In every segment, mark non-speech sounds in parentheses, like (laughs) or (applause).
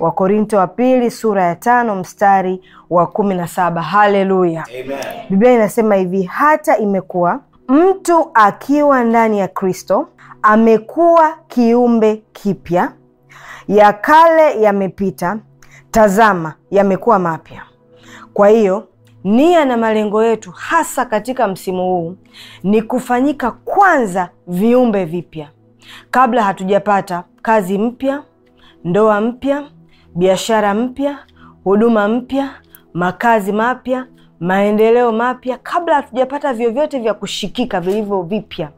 Wakorinto wa pili sura ya tano mstari wa kumi na saba. Haleluya, Biblia inasema hivi, hata imekuwa mtu akiwa ndani ya Kristo amekuwa kiumbe kipya, ya kale yamepita, tazama yamekuwa mapya. Kwa hiyo nia na malengo yetu hasa katika msimu huu ni kufanyika kwanza viumbe vipya, kabla hatujapata kazi mpya, ndoa mpya biashara mpya, huduma mpya, makazi mapya, maendeleo mapya, kabla hatujapata vyovyote vya kushikika vilivyo vipya.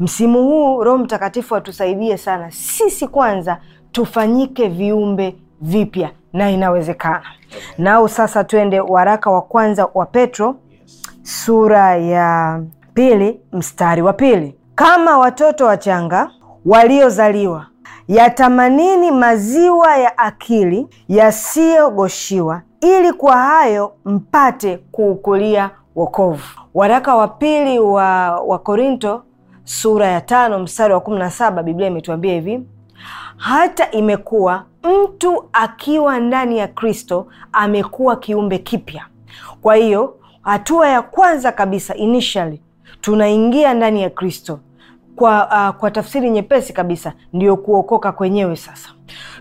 Msimu huu Roho Mtakatifu atusaidie sana sisi, kwanza tufanyike viumbe vipya, na inawezekana. Nao sasa twende waraka wa kwanza wa Petro sura ya pili mstari wa pili. Kama watoto wachanga waliozaliwa yatamanini maziwa ya akili yasiyogoshiwa, ili kwa hayo mpate kuukulia wokovu. Waraka wa pili wa Wakorinto sura ya tano mstari wa kumi na saba Biblia imetuambia hivi: hata imekuwa mtu akiwa ndani ya Kristo amekuwa kiumbe kipya. Kwa hiyo hatua ya kwanza kabisa initially tunaingia ndani ya Kristo kwa, uh, kwa tafsiri nyepesi kabisa ndiyo kuokoka kwenyewe. Sasa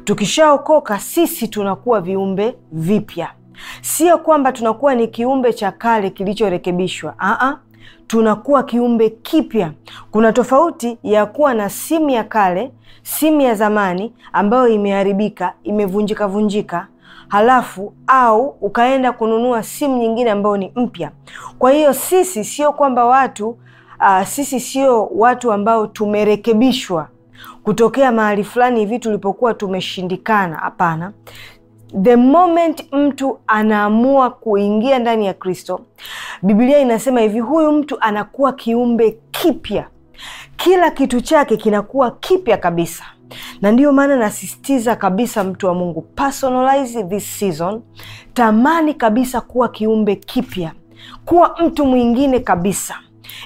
tukishaokoka sisi tunakuwa viumbe vipya, sio kwamba tunakuwa ni kiumbe cha kale kilichorekebishwa. tunakuwa kiumbe kipya. Kuna tofauti ya kuwa na simu ya kale, simu ya zamani ambayo imeharibika, imevunjika vunjika halafu au ukaenda kununua simu nyingine ambayo ni mpya. Kwa hiyo sisi sio kwamba watu uh, sisi sio watu ambao tumerekebishwa kutokea mahali fulani hivi tulipokuwa tumeshindikana. Hapana, the moment mtu anaamua kuingia ndani ya Kristo, Biblia inasema hivi, huyu mtu anakuwa kiumbe kipya, kila kitu chake kinakuwa kipya kabisa. Na ndiyo maana nasisitiza kabisa, mtu wa Mungu, personalize this season, tamani kabisa kuwa kiumbe kipya, kuwa mtu mwingine kabisa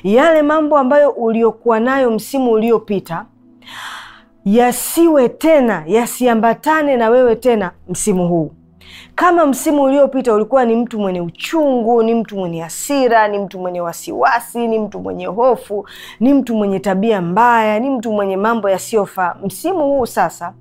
yale mambo ambayo uliokuwa nayo msimu uliopita yasiwe tena, yasiambatane na wewe tena msimu huu. Kama msimu uliopita ulikuwa ni mtu mwenye uchungu, ni mtu mwenye hasira, ni mtu mwenye wasiwasi, ni mtu mwenye hofu, ni mtu mwenye tabia mbaya, ni mtu mwenye mambo yasiyofaa, msimu huu sasa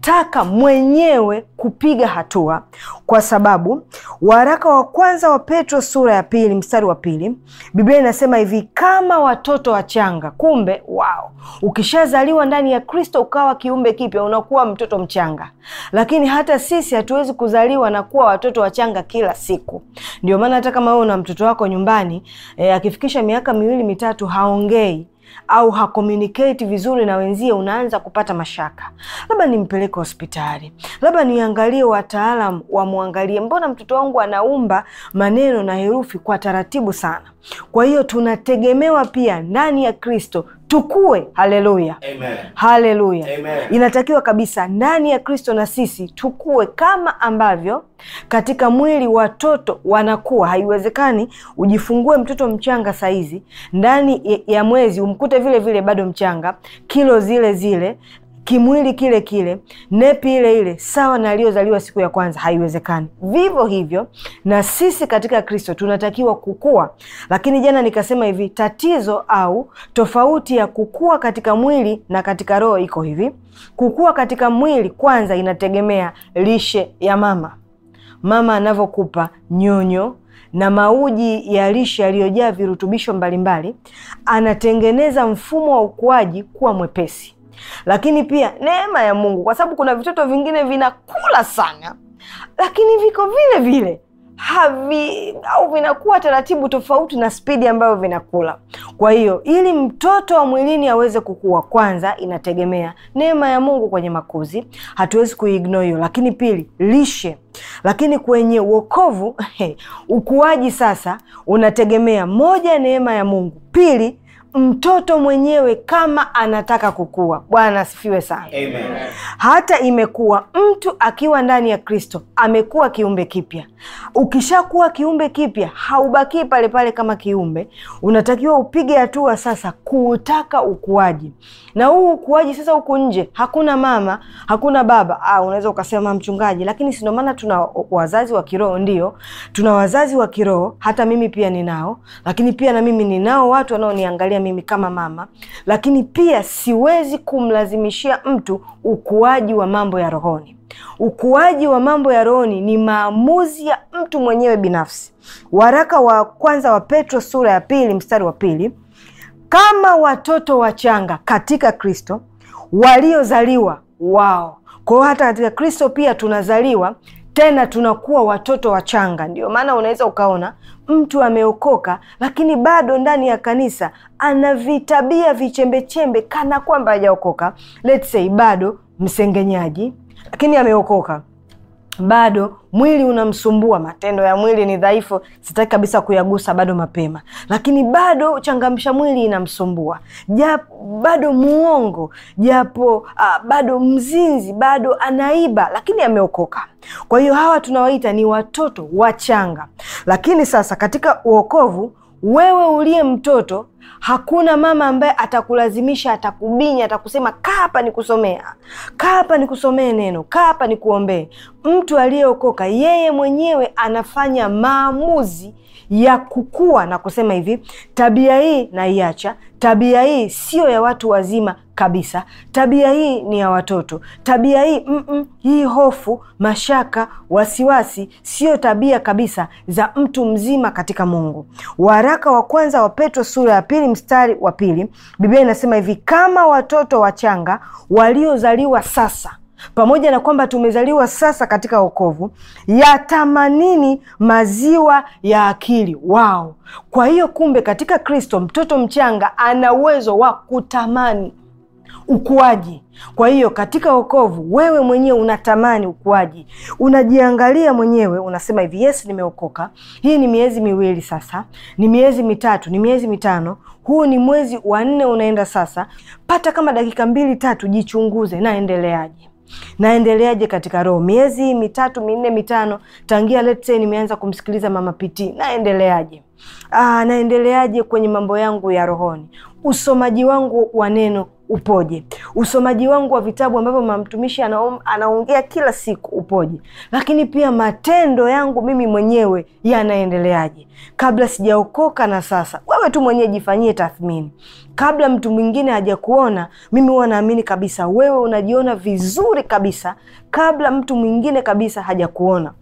taka mwenyewe kupiga hatua, kwa sababu waraka wa kwanza wa Petro sura ya pili mstari wa pili Biblia inasema hivi, kama watoto wachanga. Kumbe wao, ukishazaliwa ndani ya Kristo ukawa kiumbe kipya, unakuwa mtoto mchanga. Lakini hata sisi hatuwezi kuzaliwa na kuwa watoto wachanga kila siku. Ndio maana hata kama wewe una mtoto wako nyumbani, e, akifikisha miaka miwili mitatu haongei au hakomuniketi vizuri na wenzie, unaanza kupata mashaka, labda nimpeleke hospitali, labda niangalie wataalam wamwangalie, mbona mtoto wangu anaumba maneno na herufi kwa taratibu sana. Kwa hiyo tunategemewa pia ndani ya Kristo tukue. Haleluya, haleluya! Inatakiwa kabisa ndani ya Kristo na sisi tukue kama ambavyo katika mwili watoto wanakuwa. Haiwezekani ujifungue mtoto mchanga saizi, ndani ya mwezi umkute vile vile bado mchanga, kilo zile zile, kimwili kile kile, nepi ile ile, sawa na aliyozaliwa siku ya kwanza, haiwezekani. Vivyo hivyo na sisi katika Kristo tunatakiwa kukua, lakini jana nikasema hivi, tatizo au tofauti ya kukua katika mwili na katika roho iko hivi. Kukua katika mwili kwanza inategemea lishe ya mama, mama anavyokupa nyonyo na mauji ya lishe yaliyojaa virutubisho mbalimbali, anatengeneza mfumo wa ukuaji kuwa mwepesi lakini pia neema ya Mungu, kwa sababu kuna vitoto vingine vinakula sana, lakini viko vile vile havi au vinakuwa taratibu tofauti na spidi ambayo vinakula. Kwa hiyo ili mtoto wa mwilini aweze kukua, kwanza inategemea neema ya Mungu kwenye makuzi, hatuwezi kuigno hiyo, lakini pili lishe lakini kwenye uokovu (laughs) ukuaji sasa unategemea moja, neema ya Mungu; pili, mtoto mwenyewe kama anataka kukua. Bwana asifiwe sana, amen. Hata imekuwa mtu akiwa ndani ya Kristo amekuwa kiumbe kipya. Ukishakuwa kiumbe kipya, haubakii pale pale kama kiumbe, unatakiwa upige hatua sasa kuutaka ukuaji, na huu ukuaji sasa, huku nje hakuna mama, hakuna baba. Ah, unaweza ukasema mchungaji, lakini si maana tuna wazazi wa kiroho. Ndio, tuna wazazi wa kiroho, hata mimi pia ninao, lakini pia na mimi ninao watu wanaoniangalia mimi kama mama, lakini pia siwezi kumlazimishia mtu ukuaji wa mambo ya rohoni. Ukuaji wa mambo ya rohoni ni maamuzi ya mtu mwenyewe binafsi. Waraka wa kwanza wa Petro sura ya pili mstari wa pili kama watoto wachanga katika Kristo waliozaliwa wao. Kwa hiyo hata katika Kristo pia tunazaliwa tena tunakuwa watoto wachanga. Ndio maana unaweza ukaona mtu ameokoka, lakini bado ndani ya kanisa ana vitabia vichembechembe kana kwamba hajaokoka. Let's say bado msengenyaji, lakini ameokoka bado mwili unamsumbua, matendo ya mwili ni dhaifu, sitaki kabisa kuyagusa bado mapema, lakini bado changamsha mwili inamsumbua, ja, bado muongo, japo ah, bado mzinzi, bado anaiba, lakini ameokoka. Kwa hiyo hawa tunawaita ni watoto wachanga, lakini sasa katika uokovu, wewe uliye mtoto Hakuna mama ambaye atakulazimisha, atakubinya, atakusema kaa hapa nikusomea, kaa hapa nikusomee neno, kaa hapa nikuombee. Mtu aliyeokoka yeye mwenyewe anafanya maamuzi ya kukua na kusema hivi, tabia hii naiacha, tabia hii sio ya watu wazima kabisa, tabia hii ni ya watoto, tabia hii mm -mm, hii hofu, mashaka, wasiwasi sio tabia kabisa za mtu mzima katika Mungu. Waraka wa kwanza wa Petro sura ya pili mstari wa pili Biblia inasema hivi, kama watoto wachanga waliozaliwa sasa pamoja na kwamba tumezaliwa sasa katika wokovu, yatamanini maziwa ya akili wao. Kwa hiyo kumbe, katika Kristo mtoto mchanga ana uwezo wa kutamani ukuaji. Kwa hiyo katika wokovu, wewe mwenyewe unatamani ukuaji, unajiangalia mwenyewe, unasema hivi, yes, nimeokoka. Hii ni miezi miwili sasa, ni miezi mitatu, ni miezi mitano, huu ni mwezi wa nne unaenda sasa. Pata kama dakika mbili tatu, jichunguze, naendeleaje? naendeleaje katika roho? Miezi mitatu minne mitano tangia letse nimeanza kumsikiliza mama Piti, naendeleaje? Aa, ah, naendeleaje kwenye mambo yangu ya rohoni? Usomaji wangu wa neno upoje? Usomaji wangu wa vitabu ambavyo mamtumishi anaongea kila siku upoje? Lakini pia matendo yangu mimi mwenyewe yanaendeleaje kabla sijaokoka? Na sasa wewe tu mwenyewe jifanyie tathmini kabla mtu mwingine hajakuona. Mimi huwa naamini kabisa wewe unajiona vizuri kabisa kabla mtu mwingine kabisa hajakuona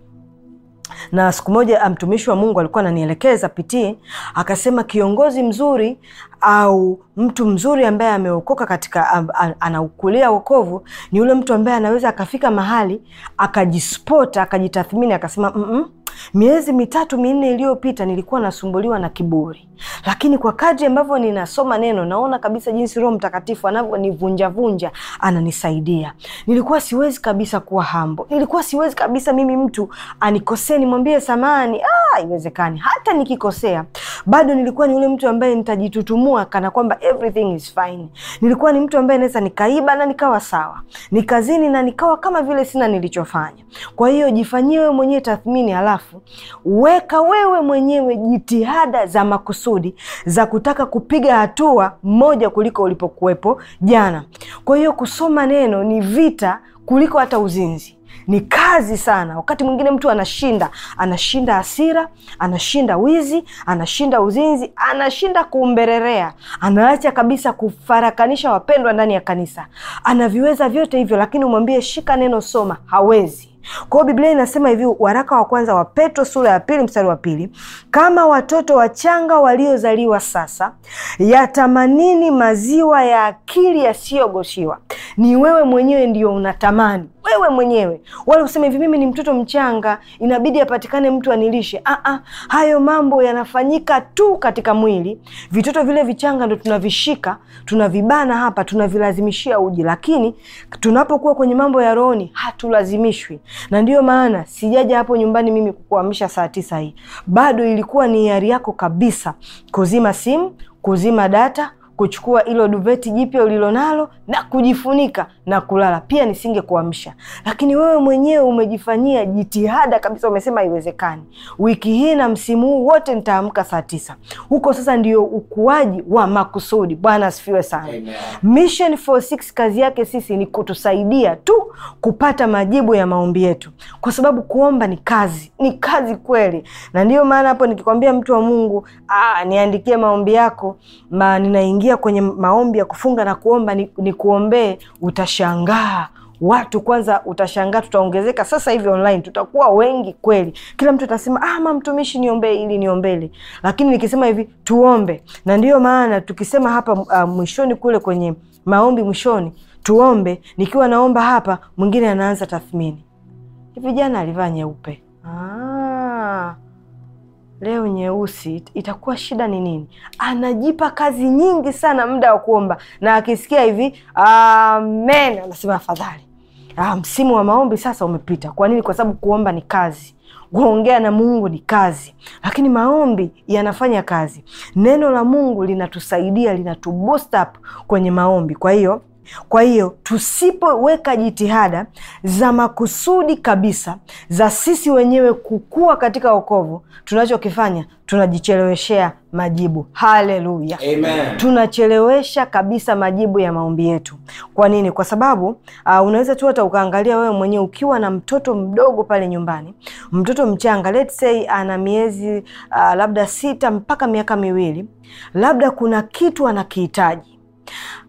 na siku moja mtumishi wa Mungu alikuwa ananielekeza pitii, akasema kiongozi mzuri au mtu mzuri ambaye ameokoka katika anaukulia wokovu ni yule mtu ambaye anaweza akafika mahali akajispota akajitathmini akasema mm-mm, miezi mitatu minne iliyopita nilikuwa nasumbuliwa na kiburi, lakini kwa kadri ambavyo ninasoma neno naona kabisa jinsi Roho Mtakatifu anavyonivunjavunja, ananisaidia. Nilikuwa siwezi kabisa kuwa hambo, nilikuwa siwezi kabisa mimi mtu anikosee nimwambie samani. Ah, iwezekani hata nikikosea bado nilikuwa ni ule mtu ambaye nitajitutumua kujiinua kana kwamba everything is fine. Nilikuwa ni mtu ambaye naweza nikaiba na nikawa sawa, nikazini na nikawa kama vile sina nilichofanya. Kwa hiyo jifanyie wewe mwenyewe tathmini, halafu weka wewe mwenyewe jitihada za makusudi za kutaka kupiga hatua moja kuliko ulipokuwepo jana. Kwa hiyo kusoma neno ni vita kuliko hata uzinzi ni kazi sana. Wakati mwingine mtu anashinda, anashinda hasira, anashinda wizi, anashinda uzinzi, anashinda kumbererea, anaacha kabisa kufarakanisha wapendwa ndani ya kanisa. Anaviweza vyote hivyo, lakini umwambie shika neno, soma, hawezi. Kwa hiyo Biblia inasema hivi, waraka wa kwanza wa Petro sura ya pili mstari wa pili, kama watoto wachanga waliozaliwa sasa, yatamanini maziwa ya akili yasiyogoshiwa. Ni wewe mwenyewe ndio unatamani wewe mwenyewe, wala useme hivi, mimi ni mtoto mchanga, inabidi apatikane mtu anilishe. Ah, ah, hayo mambo yanafanyika tu katika mwili. Vitoto vile vichanga ndo tunavishika, tunavibana hapa, tunavilazimishia uji, lakini tunapokuwa kwenye mambo ya rohoni hatulazimishwi. Na ndiyo maana sijaja hapo nyumbani mimi kukuamsha saa tisa hii, bado ilikuwa ni hiari yako kabisa kuzima simu, kuzima data kuchukua ilo duveti jipya ulilonalo na kujifunika na kulala, pia nisingekuamsha. Lakini wewe mwenyewe umejifanyia jitihada kabisa, umesema iwezekani wiki hii na msimu huu wote nitaamka saa tisa. Huko sasa ndio ukuaji wa makusudi. Bwana asifiwe sana. Mission 46 kazi yake sisi ni kutusaidia tu kupata majibu ya maombi yetu, kwa sababu kuomba ni kazi, ni kazi kweli, na ndiyo maana hapo nikikwambia mtu wa Mungu, aa, ah, niandikie maombi yako ma, ninaingia kwenye maombi ya kufunga na kuomba, nikuombee, ni uta utashangaa watu kwanza, utashangaa tutaongezeka sasa hivi online, tutakuwa wengi kweli. Kila mtu atasema ah, mtumishi, niombee ili niombele. Lakini nikisema hivi tuombe, na ndiyo maana tukisema hapa uh, mwishoni kule kwenye maombi mwishoni tuombe, nikiwa naomba hapa, mwingine anaanza tathmini, hivi jana alivaa nyeupe ah leo nyeusi itakuwa shida ni nini? Anajipa kazi nyingi sana muda wa kuomba, na akisikia hivi amen, anasema afadhali ah, msimu wa maombi sasa umepita. Kwa nini? Kwa sababu kuomba ni kazi, kuongea na Mungu ni kazi, lakini maombi yanafanya kazi. Neno la Mungu linatusaidia, linatubost up kwenye maombi, kwa hiyo kwa hiyo tusipoweka jitihada za makusudi kabisa za sisi wenyewe kukua katika okovu tunachokifanya tunajicheleweshea majibu. Haleluya, Tunachelewesha kabisa majibu ya maombi yetu. Kwa nini? Kwa sababu uh, unaweza tu hata ukaangalia wewe mwenyewe ukiwa na mtoto mdogo pale nyumbani, mtoto mchanga, let's say ana miezi uh, labda sita mpaka miaka miwili, labda kuna kitu anakihitaji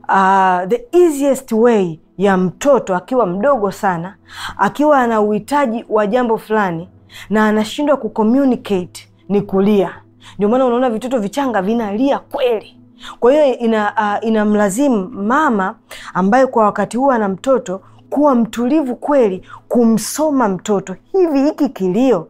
uh, the easiest way ya mtoto akiwa mdogo sana, akiwa ana uhitaji wa jambo fulani na anashindwa kucommunicate ni kulia. Ndio maana unaona vitoto vichanga vinalia kweli. Kwa hiyo ina, uh, inamlazimu mama ambaye kwa wakati huo ana mtoto kuwa mtulivu kweli, kumsoma mtoto hivi, hiki kilio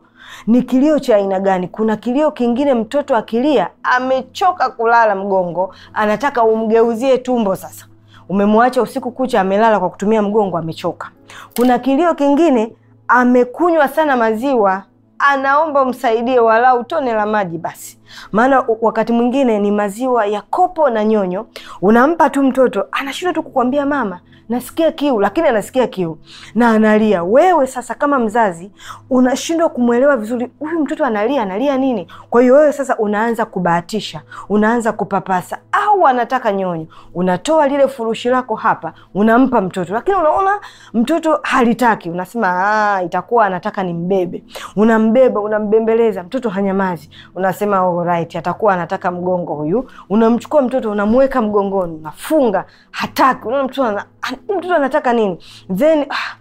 ni kilio cha aina gani? Kuna kilio kingine mtoto akilia amechoka kulala mgongo, anataka umgeuzie tumbo sasa umemwacha usiku kucha amelala kwa kutumia mgongo, amechoka. Kuna kilio kingine, amekunywa sana maziwa, anaomba umsaidie walau tone la maji basi, maana wakati mwingine ni maziwa ya kopo na nyonyo, unampa tu mtoto anashindwa tu kukwambia mama, nasikia kiu, lakini anasikia kiu na analia. Wewe sasa kama mzazi unashindwa kumwelewa vizuri, huyu mtoto analia, analia nini? Kwa hiyo wewe sasa unaanza kubahatisha, unaanza kupapasa, au anataka nyonyo, unatoa lile furushi lako hapa, unampa mtoto, lakini unaona mtoto halitaki, unasema ah, itakuwa anataka ni mbebe Unambeba, unambembeleza, mtoto hanyamazi. Unasema right, atakuwa anataka mgongo huyu. Unamchukua mtoto, unamweka mgongoni, unafunga, hataki. Unaona mtoto Ah, mtoto anataka nini then ah,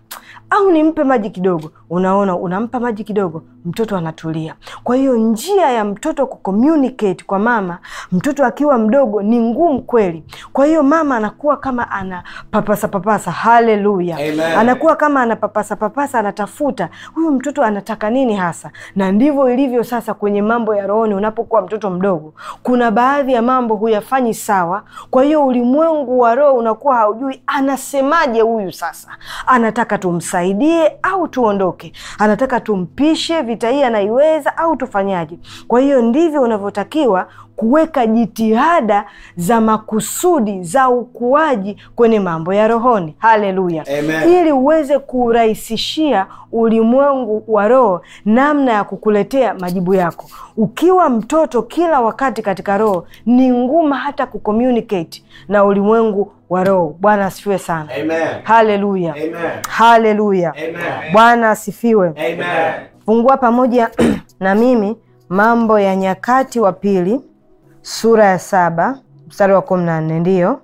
au nimpe maji kidogo unaona, unampa maji kidogo, mtoto anatulia. Kwa hiyo njia ya mtoto kucommunicate kwa mama, mtoto akiwa mdogo ni ngumu kweli. Kwa hiyo mama anakuwa kama ana papasa, haleluya, anakuwa kama ana papasa, anatafuta huyu mtoto anataka nini hasa. Na ndivyo ilivyo sasa kwenye mambo ya rohoni. Unapokuwa mtoto mdogo, kuna baadhi ya mambo huyafanyi sawa, kwa hiyo ulimwengu wa roho unakuwa haujui anasemaje huyu sasa, anataka tumsaidie au tuondoke yake, anataka tumpishe, vita hii anaiweza au tufanyaje? Kwa hiyo ndivyo unavyotakiwa kuweka jitihada za makusudi za ukuaji kwenye mambo ya rohoni. Haleluya! ili uweze kurahisishia ulimwengu wa roho namna ya kukuletea majibu yako. Ukiwa mtoto kila wakati katika roho, ni ngumu hata kucommunicate na ulimwengu wa roho. Bwana asifiwe sana. Haleluya, haleluya, Bwana asifiwe. Fungua pamoja (clears throat) na mimi Mambo ya Nyakati wa Pili sura ya saba mstari wa kumi na nne ndiyo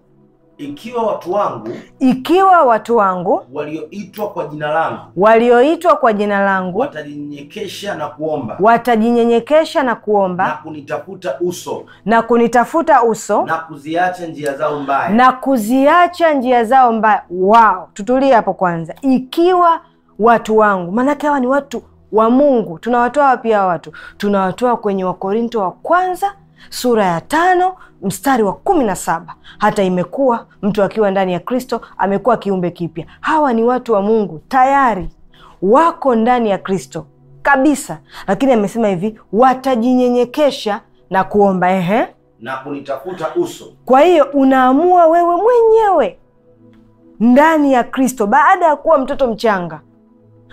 ikiwa watu wangu ikiwa watu wangu walioitwa kwa jina langu walioitwa kwa jina langu watajinyenyekesha na kuomba watajinyenyekesha na kuomba na kunitafuta uso na kunitafuta uso na kuziacha njia zao mbaya na kuziacha njia zao mbaya wao tutulie hapo kwanza ikiwa watu wangu maanake hawa ni watu wa mungu tunawatoa wapi hawa watu tunawatoa kwenye wakorinto wa kwanza sura ya tano mstari wa kumi na saba hata imekuwa mtu akiwa ndani ya Kristo amekuwa kiumbe kipya. Hawa ni watu wa Mungu tayari wako ndani ya Kristo kabisa, lakini amesema hivi watajinyenyekesha na kuomba, ehe, na kunitafuta uso. Kwa hiyo unaamua wewe mwenyewe ndani ya Kristo, baada ya kuwa mtoto mchanga,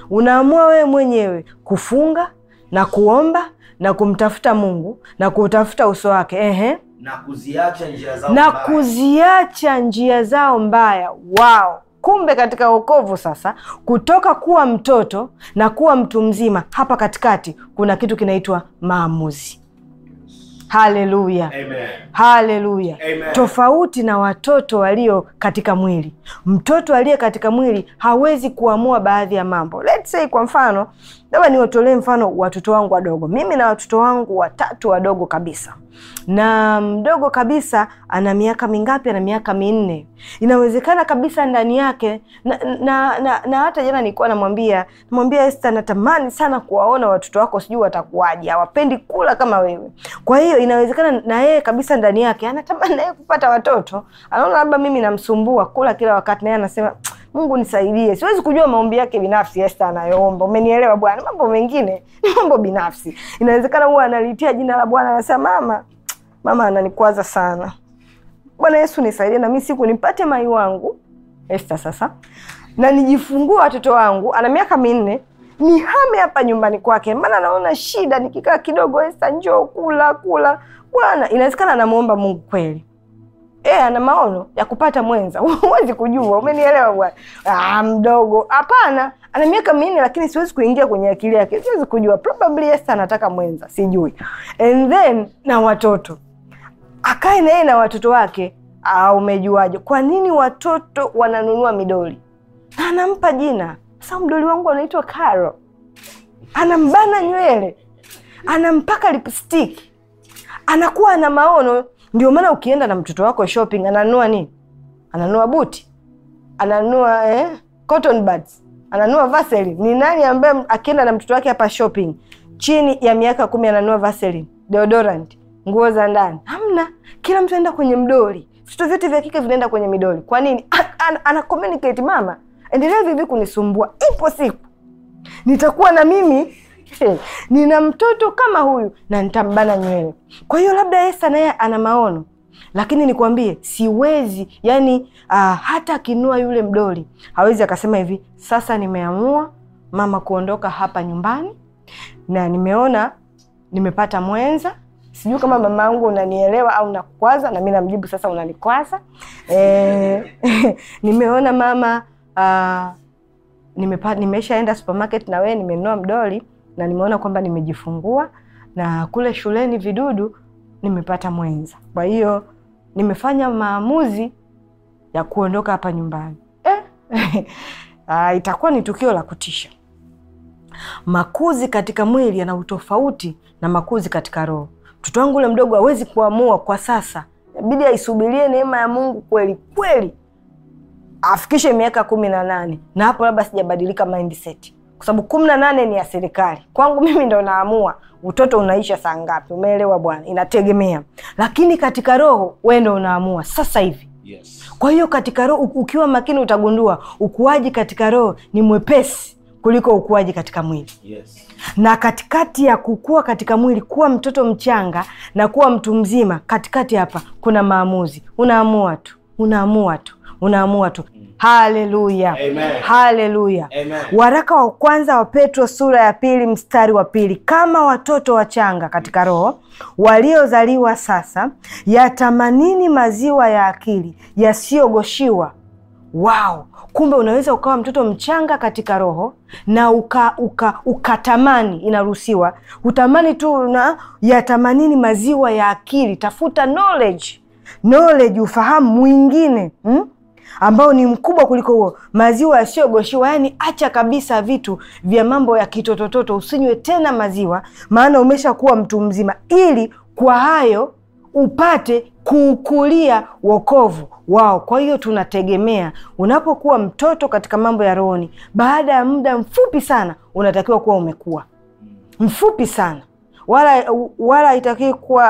unaamua wewe mwenyewe kufunga na kuomba na kumtafuta Mungu na kuutafuta uso wake, ehe, na kuziacha njia zao na mbaya, kuziacha njia zao mbaya. Wao kumbe katika wokovu sasa, kutoka kuwa mtoto na kuwa mtu mzima, hapa katikati kuna kitu kinaitwa maamuzi. Haleluya, haleluya. Tofauti na watoto walio katika mwili, mtoto aliye katika mwili hawezi kuamua baadhi ya mambo. Let's say kwa mfano, labda niwatolee mfano watoto wangu wadogo. Mimi na watoto wangu watatu wadogo kabisa na mdogo kabisa ana miaka mingapi? Ana miaka minne. Inawezekana kabisa ndani yake na, na, na, na hata jana nilikuwa namwambia namwambia Esther, natamani sana kuwaona watoto wako, sijui watakuwaje, hawapendi kula kama wewe. Kwa hiyo inawezekana na yeye kabisa ndani yake anatamani naye kupata watoto, anaona labda mimi namsumbua kula kila wakati, naye anasema Mungu nisaidie. Siwezi kujua maombi yake binafsi Esta anayoomba, umenielewa bwana. Mambo mengine (laughs) ni mambo binafsi, inawezekana huwa analitia jina la Bwana, anasema mama, mama ananikwaza sana. Bwana Yesu nisaidie na mimi siku nipate mai wangu Esta sasa na nijifungua watoto wangu. Ana miaka minne nihame hapa nyumbani kwake, maana naona shida nikikaa kidogo. Esta njoo kula kula. Bwana, inawezekana anamuomba Mungu kweli eh, ana maono ya kupata mwenza (laughs) huwezi kujua, umenielewa bwana? Ah, mdogo hapana, ana miaka minne, lakini siwezi kuingia kwenye akili yake, siwezi kujua, probably yes, anataka mwenza, sijui. And then na watoto, akae na yeye na watoto wake. Ah, umejuaje? Kwa nini watoto wananunua midoli? Na anampa jina sasa, mdoli wangu anaitwa Karo, anambana nywele, anampaka lipstick, anakuwa na maono ndio maana ukienda na mtoto wako shopping, ananua nini? ananua buti, ananua eh, cotton buds, ananua vaseli Ni nani ambaye akienda na mtoto wake hapa shopping chini ya miaka kumi ananua vaseli deodorant, nguo za ndani? Hamna. Kila mtu anaenda kwenye mdoli, vitu vyote vya kike vinaenda kwenye midoli. Kwa nini? Ana, ana communicate mama, endelea vivi kunisumbua, ipo siku nitakuwa na mimi Eh, nina mtoto kama huyu na nitambana nywele. Kwa hiyo labda Esta naye ana maono, lakini nikwambie siwezi yani, uh, hata akinua yule mdoli hawezi akasema hivi, sasa nimeamua mama kuondoka hapa nyumbani na nimeona nimepata mwenza Sijui kama mama yangu unanielewa au nakukwaza, na mi namjibu sasa, unanikwaza e, (laughs) nimeona mama uh, nimepa, nimeshaenda supermarket na wewe nimenunua mdoli na nimeona kwamba nimejifungua, na kule shuleni vidudu nimepata mwenza. Kwa hiyo nimefanya maamuzi ya kuondoka hapa nyumbani eh? (laughs) Ah, itakuwa ni tukio la kutisha. Makuzi katika mwili yana utofauti na makuzi katika roho. Mtoto wangu ule mdogo hawezi kuamua kwa sasa, inabidi aisubirie neema ya Mungu kweli kweli afikishe miaka kumi na nane na hapo labda sijabadilika mindset kwa sababu kumi na nane ni ya serikali. Kwangu mimi ndo naamua utoto unaisha saa ngapi, umeelewa bwana? Inategemea, lakini katika roho we ndo unaamua sasa hivi. Yes. Kwa hiyo katika roho ukiwa makini utagundua ukuaji katika roho ni mwepesi kuliko ukuaji katika mwili. Yes. Na katikati ya kukua katika mwili, kuwa mtoto mchanga na kuwa mtu mzima, katikati hapa kuna maamuzi. Unaamua tu, unaamua tu, unaamua tu. Haleluya, haleluya. Waraka wa kwanza wa Petro sura ya pili mstari wa pili kama watoto wachanga katika roho waliozaliwa sasa, yatamanini maziwa ya akili yasiyogoshiwa. wao kumbe unaweza ukawa mtoto mchanga katika roho na uka, uka, ukatamani, inaruhusiwa utamani tu na yatamanini maziwa ya akili. Tafuta knowledge, knowledge, ufahamu mwingine hmm? ambao ni mkubwa kuliko huo, maziwa yasiyogoshiwa. Yani acha kabisa vitu vya mambo ya kitotototo, usinywe tena maziwa, maana umeshakuwa mtu mzima, ili kwa hayo upate kuukulia wokovu wao. Kwa hiyo tunategemea unapokuwa mtoto katika mambo ya rohoni, baada ya muda mfupi sana unatakiwa kuwa umekuwa mfupi sana, wala wala itakiwi kuwa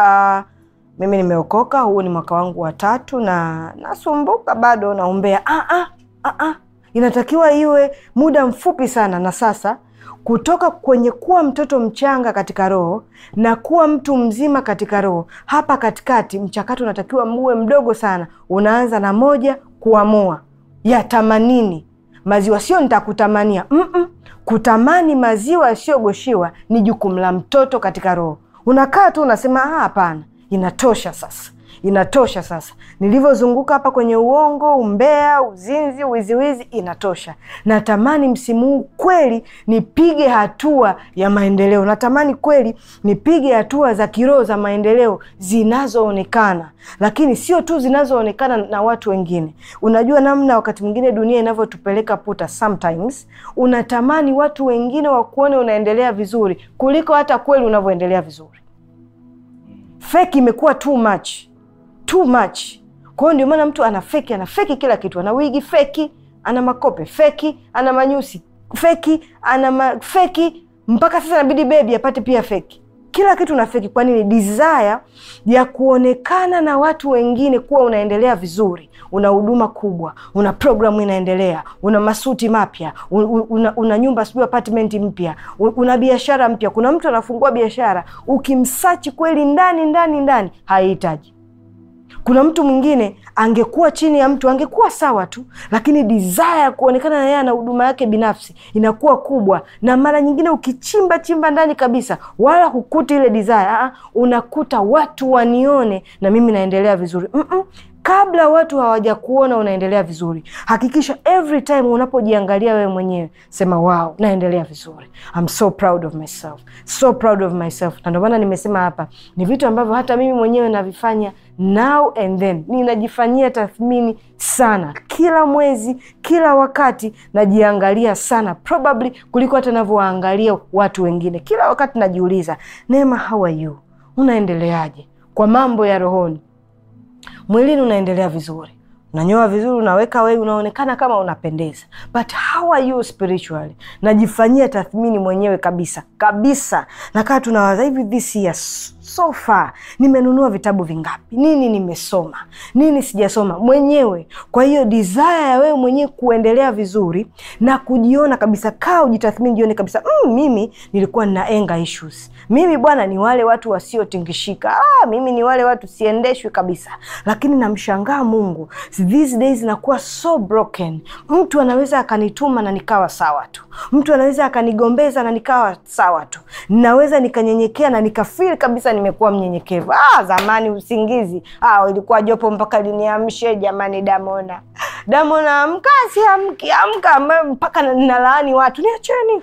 uh, mimi nimeokoka, huu ni mwaka wangu wa tatu na nasumbuka bado, naombea. ah, ah, ah, ah. Inatakiwa iwe muda mfupi sana, na sasa kutoka kwenye kuwa mtoto mchanga katika roho na kuwa mtu mzima katika roho, hapa katikati mchakato unatakiwa muwe mdogo sana. Unaanza na moja, kuamua ya tamanini maziwa sio nitakutamania. mm -mm. Kutamani maziwa yasiyogoshiwa ni jukumu la mtoto katika roho. Unakaa tu unasema ah, hapana, inatosha sasa, inatosha sasa. Nilivyozunguka hapa kwenye uongo, umbea, uzinzi, wiziwizi, inatosha. Natamani msimu huu kweli nipige hatua ya maendeleo, natamani kweli nipige hatua za kiroho za maendeleo zinazoonekana, lakini sio tu zinazoonekana na watu wengine. Unajua namna wakati mwingine dunia inavyotupeleka puta, sometimes unatamani watu wengine wakuone unaendelea vizuri kuliko hata kweli unavyoendelea vizuri fake imekuwa too much, too much. Kwa hiyo ndio maana mtu ana feki, ana feki kila kitu, ana wigi feki, ana makope feki, ana manyusi feki, ana ma Mpaka sasa inabidi bebi apate pia feki kila kitu unafeki. Kwa nini? Desire ya kuonekana na watu wengine kuwa unaendelea vizuri, una huduma kubwa, una programu inaendelea, una masuti mapya, una, una nyumba sijui apartment mpya, una biashara mpya. Kuna mtu anafungua biashara, ukimsachi kweli ndani ndani ndani, haihitaji kuna mtu mwingine angekuwa chini ya mtu, angekuwa sawa tu, lakini desire ya kuonekana na yeye ana huduma yake binafsi inakuwa kubwa, na mara nyingine ukichimba chimba ndani kabisa, wala hukuti ile desire, ah, ah, unakuta watu wanione na mimi naendelea vizuri. Mm -mm kabla watu hawajakuona unaendelea vizuri. Hakikisha every time unapojiangalia wewe mwenyewe sema, wow, naendelea vizuri. I'm so proud of myself. So proud of myself. Na ndio maana nimesema hapa ni vitu ambavyo hata mimi mwenyewe navifanya now and then, ninajifanyia tathmini sana kila mwezi, kila wakati najiangalia sana, probably kuliko hata navyowaangalia watu wengine. Kila wakati najiuliza, Neema, how are you? Unaendeleaje kwa mambo ya rohoni? mwilini unaendelea vizuri, unanyoa vizuri, unaweka wei, unaonekana kama unapendeza, but how are you spiritually? Najifanyia tathmini mwenyewe kabisa kabisa. Nakaa tunawaza hivi, this year so far nimenunua vitabu vingapi, nini nimesoma, nini sijasoma mwenyewe. Kwa hiyo desire ya wewe mwenyewe kuendelea vizuri na kujiona kabisa, kaa ujitathmini, jione kabisa mm, mimi nilikuwa nina anger issues mimi bwana ni wale watu wasiotingishika. Ah, mimi ni wale watu siendeshwi kabisa, lakini namshangaa Mungu these days nakuwa so broken. Mtu anaweza akanituma na nikawa sawa tu, mtu anaweza akanigombeza na nikawa sawa tu, naweza nikanyenyekea na nikafeel kabisa nimekuwa mnyenyekevu. Ah, zamani usingizi ah, ilikuwa jopo mpaka liniamshe jamani. Damona, Damona amka, siamki amka, mpaka nalaani watu, niacheni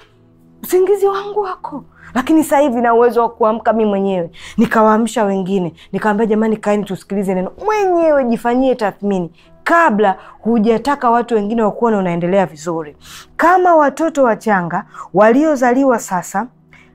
usingizi wangu wako lakini sasa hivi na uwezo wa kuamka mi mwenyewe nikawaamsha wengine, nikawambia jamani, kaeni tusikilize neno. Mwenyewe jifanyie tathmini kabla hujataka watu wengine wakuona unaendelea vizuri. Kama watoto wachanga waliozaliwa sasa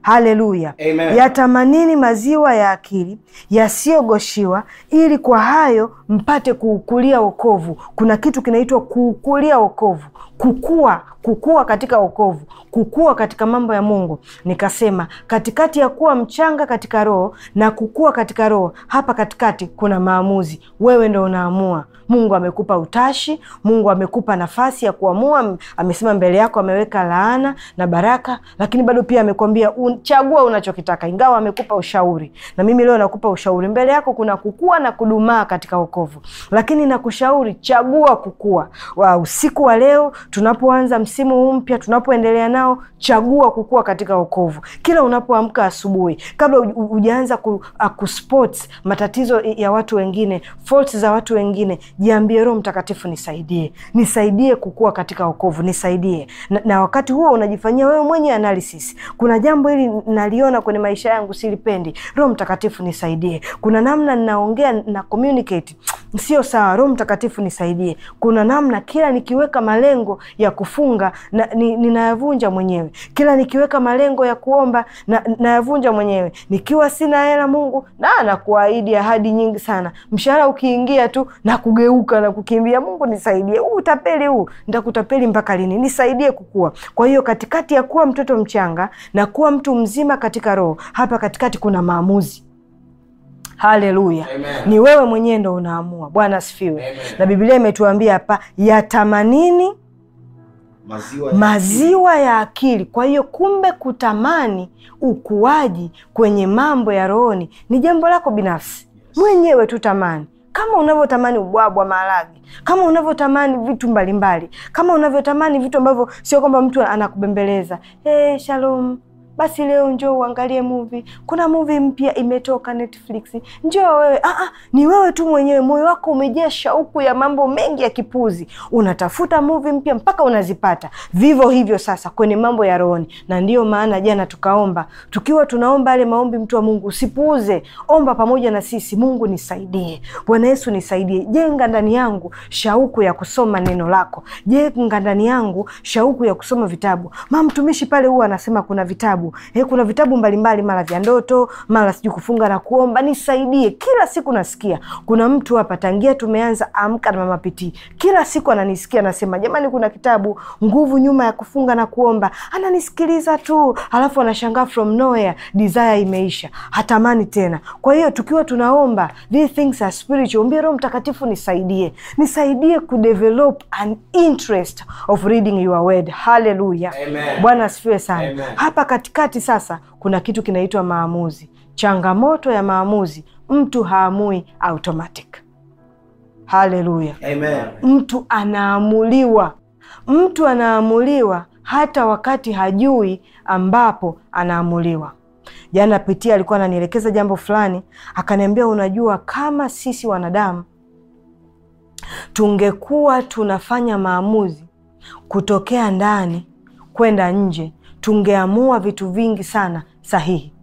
Haleluya, yatamanini maziwa ya akili yasiyogoshiwa, ili kwa hayo mpate kuukulia wokovu. Kuna kitu kinaitwa kuukulia wokovu, kukua kukua katika wokovu, kukua katika mambo ya Mungu. Nikasema katikati ya kuwa mchanga katika roho na kukua katika roho, hapa katikati kuna maamuzi. Wewe ndo unaamua. Mungu amekupa utashi, Mungu amekupa nafasi ya kuamua. Amesema mbele yako ameweka laana na baraka, lakini bado pia amekwambia un, chagua unachokitaka, ingawa amekupa ushauri. Na mimi leo nakupa ushauri, mbele yako kuna kukua na kudumaa katika wokovu, lakini nakushauri chagua kukua. Wa usiku wa leo tunapoanza msimu huu mpya tunapoendelea nao, chagua kukua katika wokovu kila unapoamka asubuhi, kabla hujaanza ku, kuspot matatizo ya watu wengine, faults za watu wengine, jiambie Roho Mtakatifu, nisaidie, nisaidie kukua katika wokovu, nisaidie na, na wakati huo unajifanyia wewe mwenye analysis. Kuna jambo hili naliona kwenye maisha yangu silipendi, Roho Mtakatifu nisaidie. Kuna namna ninaongea na communicate sio sawa, Roho Mtakatifu nisaidie. Kuna namna kila nikiweka malengo ya kufunga kufunga ninayavunja ni mwenyewe. Kila nikiweka malengo ya kuomba nayavunja na mwenyewe. Nikiwa sina hela, Mungu na nakuahidi ahadi nyingi sana. Mshahara ukiingia tu na kugeuka na kukimbia, Mungu nisaidie, huu utapeli huu ndakutapeli mpaka lini? Nisaidie kukua. Kwa hiyo katikati ya kuwa mtoto mchanga na kuwa mtu mzima katika roho, hapa katikati kuna maamuzi. Haleluya! Ni wewe mwenyewe ndo unaamua. Bwana asifiwe. Na Biblia imetuambia hapa yatamanini maziwa ya, maziwa ya akili. Kwa hiyo kumbe, kutamani ukuaji kwenye mambo ya rohoni ni jambo lako binafsi yes. Mwenyewe tu tamani kama unavyotamani ubwabwa maharage, kama unavyotamani vitu mbalimbali mbali, kama unavyotamani vitu ambavyo sio kwamba mtu anakubembeleza hey, shalom basi leo njoo uangalie movie, kuna movie mpya imetoka Netflix, njoo wewe. Ah, ah ni wewe tu mwenyewe, moyo wako umejaa shauku ya mambo mengi ya kipuzi, unatafuta movie mpya mpaka unazipata. Vivyo hivyo sasa kwenye mambo ya rohoni, na ndiyo maana jana tukaomba, tukiwa tunaomba yale maombi, mtu wa Mungu usipuuze, omba pamoja na sisi. Mungu nisaidie, Bwana Yesu nisaidie, jenga ndani yangu shauku ya kusoma neno lako, jenga ndani yangu shauku ya kusoma vitabu. Mama mtumishi pale huwa anasema kuna vitabu he, eh, kuna vitabu mbalimbali, mara vya ndoto, mara sijui kufunga na kuomba. Nisaidie, kila siku nasikia kuna mtu hapa tangia tumeanza amka na mama Piti, kila siku ananisikia nasema, jamani, kuna kitabu nguvu nyuma ya kufunga na kuomba. Ananisikiliza tu alafu anashangaa from nowhere desire imeisha, hatamani tena. Kwa hiyo tukiwa tunaomba these things are spiritual, mbie Roho Mtakatifu nisaidie, nisaidie kudevelop an interest of reading your word. Haleluya, Bwana asifiwe sana. Amen. hapa katika katikati sasa kuna kitu kinaitwa maamuzi. Changamoto ya maamuzi, mtu haamui automatic. Haleluya, Mtu anaamuliwa, mtu anaamuliwa hata wakati hajui ambapo anaamuliwa. Jana Pitia alikuwa ananielekeza jambo fulani, akaniambia, unajua kama sisi wanadamu tungekuwa tunafanya maamuzi kutokea ndani kwenda nje tungeamua vitu vingi sana sahihi.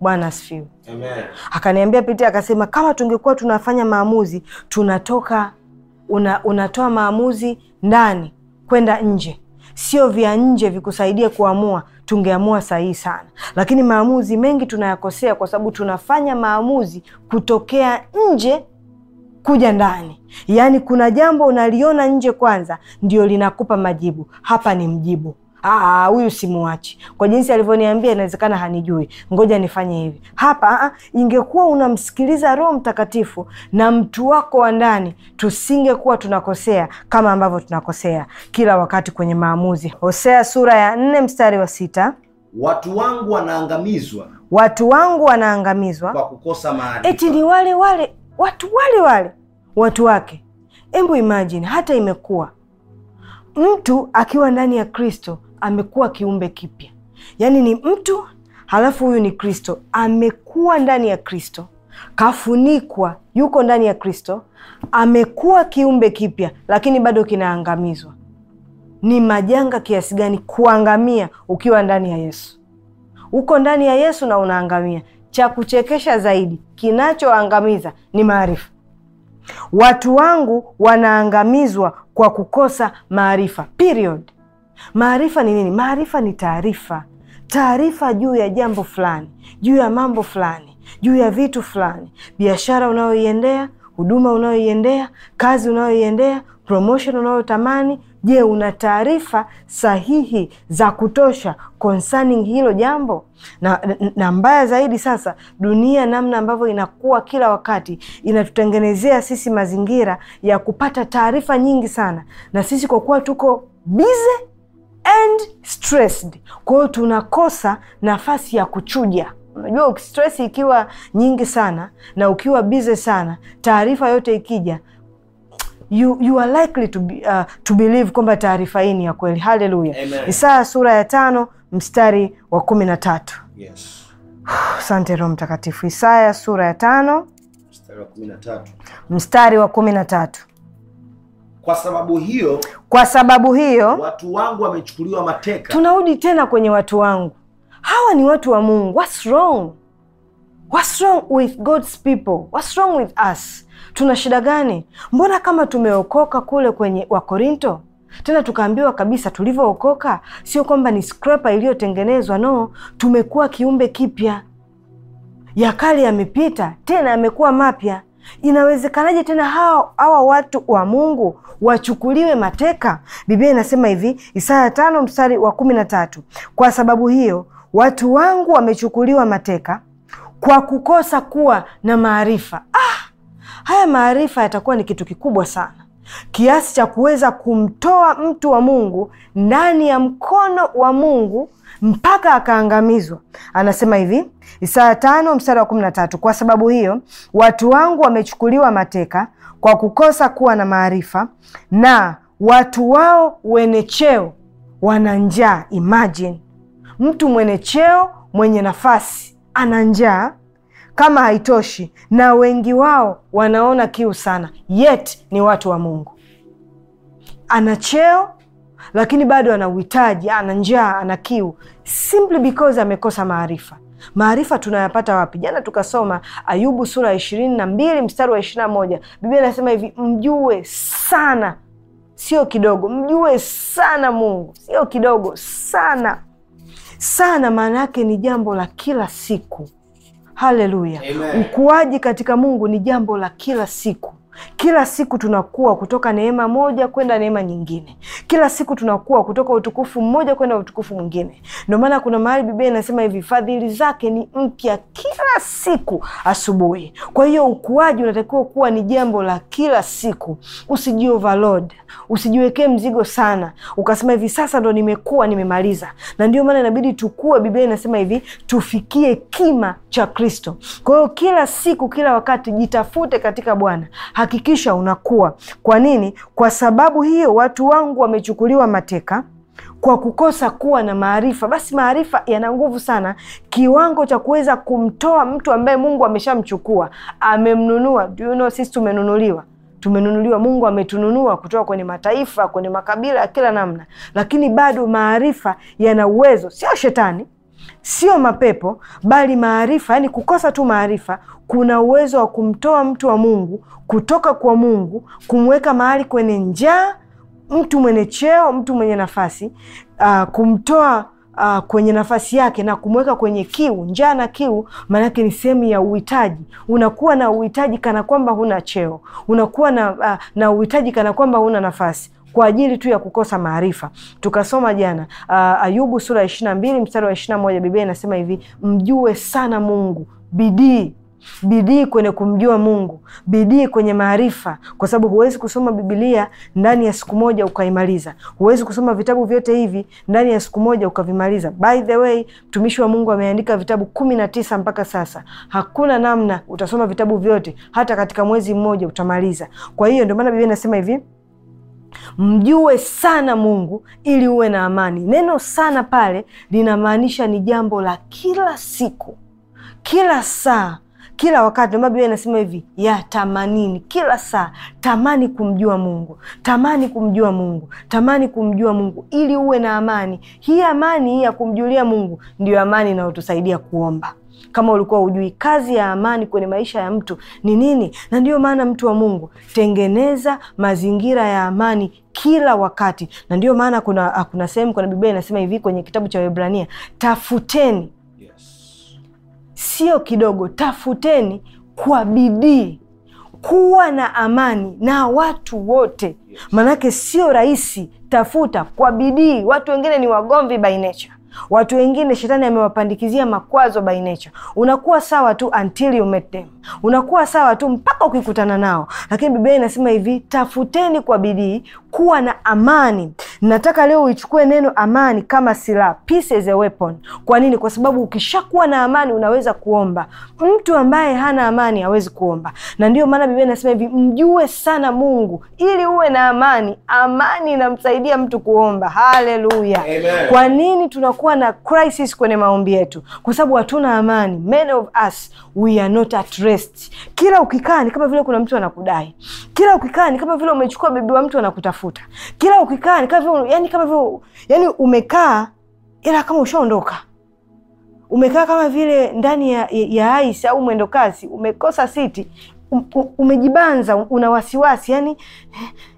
Bwana asifiwe. Amen. Akaniambia pitia, akasema kama tungekuwa tunafanya maamuzi tunatoka una, unatoa maamuzi ndani kwenda nje, sio vya nje vikusaidie kuamua, tungeamua sahihi sana, lakini maamuzi mengi tunayakosea kwa sababu tunafanya maamuzi kutokea nje kuja ndani. Yaani kuna jambo unaliona nje kwanza ndio linakupa majibu. Hapa ni mjibu Ah, ah, huyu simuachi. Kwa jinsi alivyoniambia inawezekana hanijui. Ngoja nifanye hivi. Hapa ah, ah, ingekuwa unamsikiliza Roho Mtakatifu na mtu wako wa ndani, tusingekuwa tunakosea kama ambavyo tunakosea kila wakati kwenye maamuzi. Hosea sura ya nne mstari wa sita. Watu wangu wanaangamizwa. Watu wangu wanaangamizwa kwa kukosa maarifa. Eti ni wale wale watu wale wale watu wake. Hebu imagine hata imekuwa mtu akiwa ndani ya Kristo amekuwa kiumbe kipya, yaani ni mtu halafu huyu ni Kristo, amekuwa ndani ya Kristo, kafunikwa, yuko ndani ya Kristo, amekuwa kiumbe kipya, lakini bado kinaangamizwa. Ni majanga kiasi gani kuangamia ukiwa ndani ya Yesu? Uko ndani ya Yesu na unaangamia. Cha kuchekesha zaidi, kinachoangamiza ni maarifa. Watu wangu wanaangamizwa kwa kukosa maarifa, period. Maarifa ni nini? Maarifa ni taarifa, taarifa juu ya jambo fulani, juu ya mambo fulani, juu ya vitu fulani, biashara unayoiendea, huduma unayoiendea, kazi unayoiendea, promotion unayotamani. Je, una taarifa sahihi za kutosha concerning hilo jambo? Na, na, mbaya zaidi sasa, dunia namna ambavyo inakuwa kila wakati inatutengenezea sisi mazingira ya kupata taarifa nyingi sana, na sisi kwa kuwa tuko bize and stressed. Kwa hiyo tunakosa nafasi ya kuchuja. Unajua, stress ikiwa nyingi sana na ukiwa busy sana, taarifa yote ikija You, you are likely to, be, uh, to believe kwamba taarifa hii ni ya kweli. Haleluya! Isaya sura ya tano mstari wa kumi na tatu. Asante Roho Mtakatifu. Isaya sura ya tano mstari wa kumi na tatu. Kwa sababu hiyo, kwa sababu hiyo watu wangu wamechukuliwa mateka. Tunarudi tena kwenye watu wangu. Hawa ni watu wa Mungu. What's wrong? What's wrong with God's people? What's wrong with us? Tuna shida gani? Mbona kama tumeokoka kule kwenye Wakorinto tena tukaambiwa kabisa tulivyookoka sio kwamba ni scraper iliyotengenezwa. No, tumekuwa kiumbe kipya, ya kale yamepita, tena yamekuwa mapya. Inawezekanaje tena hawa hawa watu wa Mungu wachukuliwe mateka? Biblia inasema hivi, Isaya tano mstari wa kumi na tatu kwa sababu hiyo watu wangu wamechukuliwa mateka kwa kukosa kuwa na maarifa. Ah, haya maarifa yatakuwa ni kitu kikubwa sana kiasi cha kuweza kumtoa mtu wa Mungu ndani ya mkono wa Mungu mpaka akaangamizwa. Anasema hivi Isaya tano mstari wa kumi na tatu kwa sababu hiyo watu wangu wamechukuliwa mateka kwa kukosa kuwa na maarifa, na watu wao wenye cheo wana njaa. Imagine mtu mwenye cheo mwenye nafasi ana njaa kama haitoshi, na wengi wao wanaona kiu sana, yet ni watu wa Mungu. Ana cheo lakini bado ana uhitaji, ana njaa, ana kiu, simply because amekosa maarifa. Maarifa tunayapata wapi? Jana tukasoma Ayubu sura ya ishirini na mbili mstari wa ishirini na moja Biblia inasema hivi, mjue sana, sio kidogo, mjue sana Mungu, sio kidogo, sana sana, maana yake ni jambo la kila siku. Haleluya! Ukuaji katika Mungu ni jambo la kila siku. Kila siku tunakuwa kutoka neema moja kwenda neema nyingine. Kila siku tunakuwa kutoka utukufu mmoja kwenda utukufu mwingine. Ndio maana kuna mahali Biblia inasema hivi, fadhili zake ni mpya kila siku asubuhi. Kwa hiyo ukuaji unatakiwa kuwa ni jambo la kila siku. Usiji overload, usijiwekee mzigo sana ukasema hivi, sasa ndo nimekuwa nimemaliza. Na ndio maana inabidi tukue. Biblia inasema hivi, tufikie kima cha Kristo. Kwa hiyo kila siku, kila wakati jitafute katika Bwana hakikisha unakuwa. Kwa nini? Kwa sababu hiyo watu wangu wamechukuliwa mateka kwa kukosa kuwa na maarifa. Basi maarifa yana nguvu sana, kiwango cha kuweza kumtoa mtu ambaye Mungu ameshamchukua amemnunua. Do you know, sisi tumenunuliwa tumenunuliwa. Mungu ametununua kutoka kwenye mataifa, kwenye makabila ya kila namna, lakini bado maarifa yana uwezo, sio shetani, sio mapepo, bali maarifa. Yani kukosa tu maarifa kuna uwezo wa kumtoa mtu wa Mungu kutoka kwa Mungu, kumweka mahali kwenye njaa, mtu mwenye cheo, mtu mwenye nafasi uh, kumtoa Uh, kwenye nafasi yake na kumweka kwenye kiu, njaa na kiu, maanake ni sehemu ya uhitaji. Unakuwa na uhitaji kana kwamba huna cheo, unakuwa na, uh, na uhitaji kana kwamba huna nafasi kwa ajili tu ya kukosa maarifa. Tukasoma jana uh, Ayubu sura ya ishirini na mbili mstari wa ishirini na moja Biblia inasema hivi, mjue sana Mungu, bidii bidii kwenye kumjua Mungu, bidii kwenye maarifa, kwa sababu huwezi kusoma Bibilia ndani ya siku moja ukaimaliza. Huwezi kusoma vitabu vyote hivi ndani ya siku moja ukavimaliza. By the way, mtumishi wa Mungu ameandika vitabu kumi na tisa mpaka sasa. Hakuna namna utasoma vitabu vyote, hata katika mwezi mmoja utamaliza. Kwa hiyo ndio maana Biblia inasema hivi Mjue sana Mungu ili uwe na amani. Neno sana pale linamaanisha ni jambo la kila siku, kila saa kila wakati. ambayo Biblia inasema hivi, ya tamanini kila saa, tamani kumjua Mungu, tamani kumjua Mungu, tamani kumjua Mungu ili uwe na amani. Hii amani hii ya kumjulia Mungu ndiyo amani inayotusaidia kuomba. Kama ulikuwa hujui kazi ya amani kwenye maisha ya mtu ni nini, na ndiyo maana mtu wa Mungu, tengeneza mazingira ya amani kila wakati, na ndiyo maana kuna, kuna sehemu kuna Biblia inasema hivi kwenye kitabu cha Waebrania, tafuteni sio kidogo. Tafuteni kwa bidii kuwa na amani na watu wote, maanake sio rahisi. Tafuta kwa bidii. Watu wengine ni wagomvi by nature, watu wengine shetani amewapandikizia makwazo by nature. Unakuwa sawa tu until you meet them unakuwa sawa tu mpaka ukikutana nao. Lakini Biblia inasema hivi, tafuteni kwa bidii kuwa na amani. Nataka leo uichukue neno amani kama silaha, peace is a weapon. Kwa nini? Kwa sababu ukishakuwa na amani unaweza kuomba. Mtu ambaye hana amani hawezi kuomba, na ndio maana Biblia inasema hivi, mjue sana Mungu ili uwe na amani. Amani inamsaidia mtu kuomba. Haleluya! Kwa nini tunakuwa na crisis kwenye maombi yetu? Kwa sababu hatuna amani. Many of us we are not at rest invest. Kila ukikaa ni kama vile kuna mtu anakudai. Kila ukikaa ni kama vile umechukua bebi wa mtu anakutafuta. Kila ukikaa ni kama vile yani kama vile yani umekaa ila kama ushaondoka. Umekaa kama vile ndani ya, ya ice au mwendo kasi, umekosa siti, um, umejibanza, una wasiwasi yani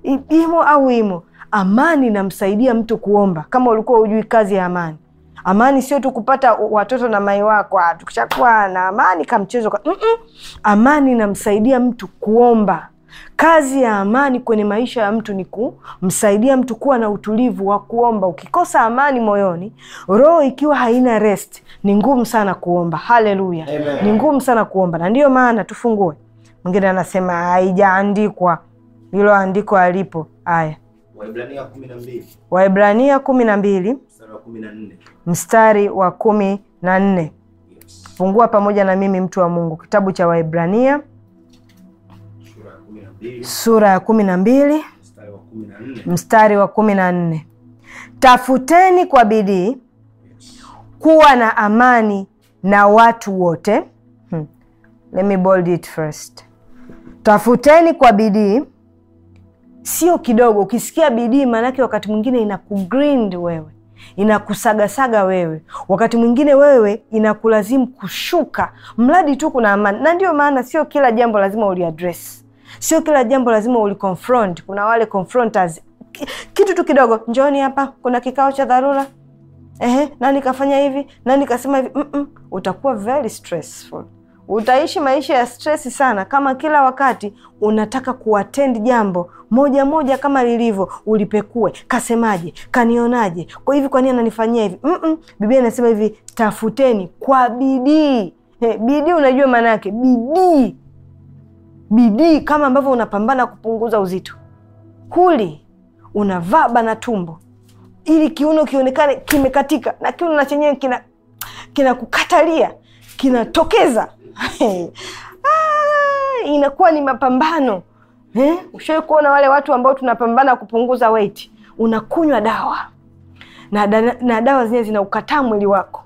eh, imo au imo. Amani inamsaidia mtu kuomba, kama ulikuwa ujui kazi ya amani. Amani sio tu kupata watoto na mai wako, ah, tukishakuwa na amani kamchezo mm -mm. Amani inamsaidia mtu kuomba. Kazi ya amani kwenye maisha ya mtu ni kumsaidia mtu kuwa na utulivu wa kuomba. Ukikosa amani moyoni, roho ikiwa haina rest, ni ngumu sana kuomba. Haleluya, ni ngumu sana kuomba, na ndiyo maana tufungue. Mwingine anasema haijaandikwa, hilo andiko alipo. Haya, waibrania kumi na mbili mstari wa kumi na nne yes. fungua pamoja na mimi mtu wa mungu kitabu cha waibrania sura ya kumi na mbili mstari wa kumi na nne tafuteni kwa bidii yes. kuwa na amani na watu wote hmm. Let me bold it first tafuteni kwa bidii sio kidogo ukisikia bidii maanake wakati mwingine kugrind wewe inakusagasaga wewe, wakati mwingine wewe inakulazimu kushuka, mradi tu kuna amani. Na ndio maana sio kila jambo lazima uliadress, sio kila jambo lazima uliconfront. Kuna wale confronters, kitu tu kidogo, njoni hapa, kuna kikao cha dharura Ehe, nani kafanya hivi, nani kasema hivi. mm -mm. Utakuwa very stressful, utaishi maisha ya stress sana, kama kila wakati unataka kuattend jambo moja moja kama lilivyo, ulipekue kasemaje, kanionaje, kwa hivi, kwa nini ananifanyia hivi? mm -mm. Biblia inasema hivi, tafuteni kwa bidii. Hey, bidii, unajua maana yake bidii? Bidii kama ambavyo unapambana kupunguza uzito, huli unavaa bana tumbo ili kiuno kionekane kimekatika, na kiuno na chenyewe kina kinakukatalia kinatokeza. (laughs) Ah, inakuwa ni mapambano eh? Ushawahi kuona wale watu ambao tunapambana kupunguza weight, unakunywa dawa na, da, na dawa zenyewe zinaukataa mwili wako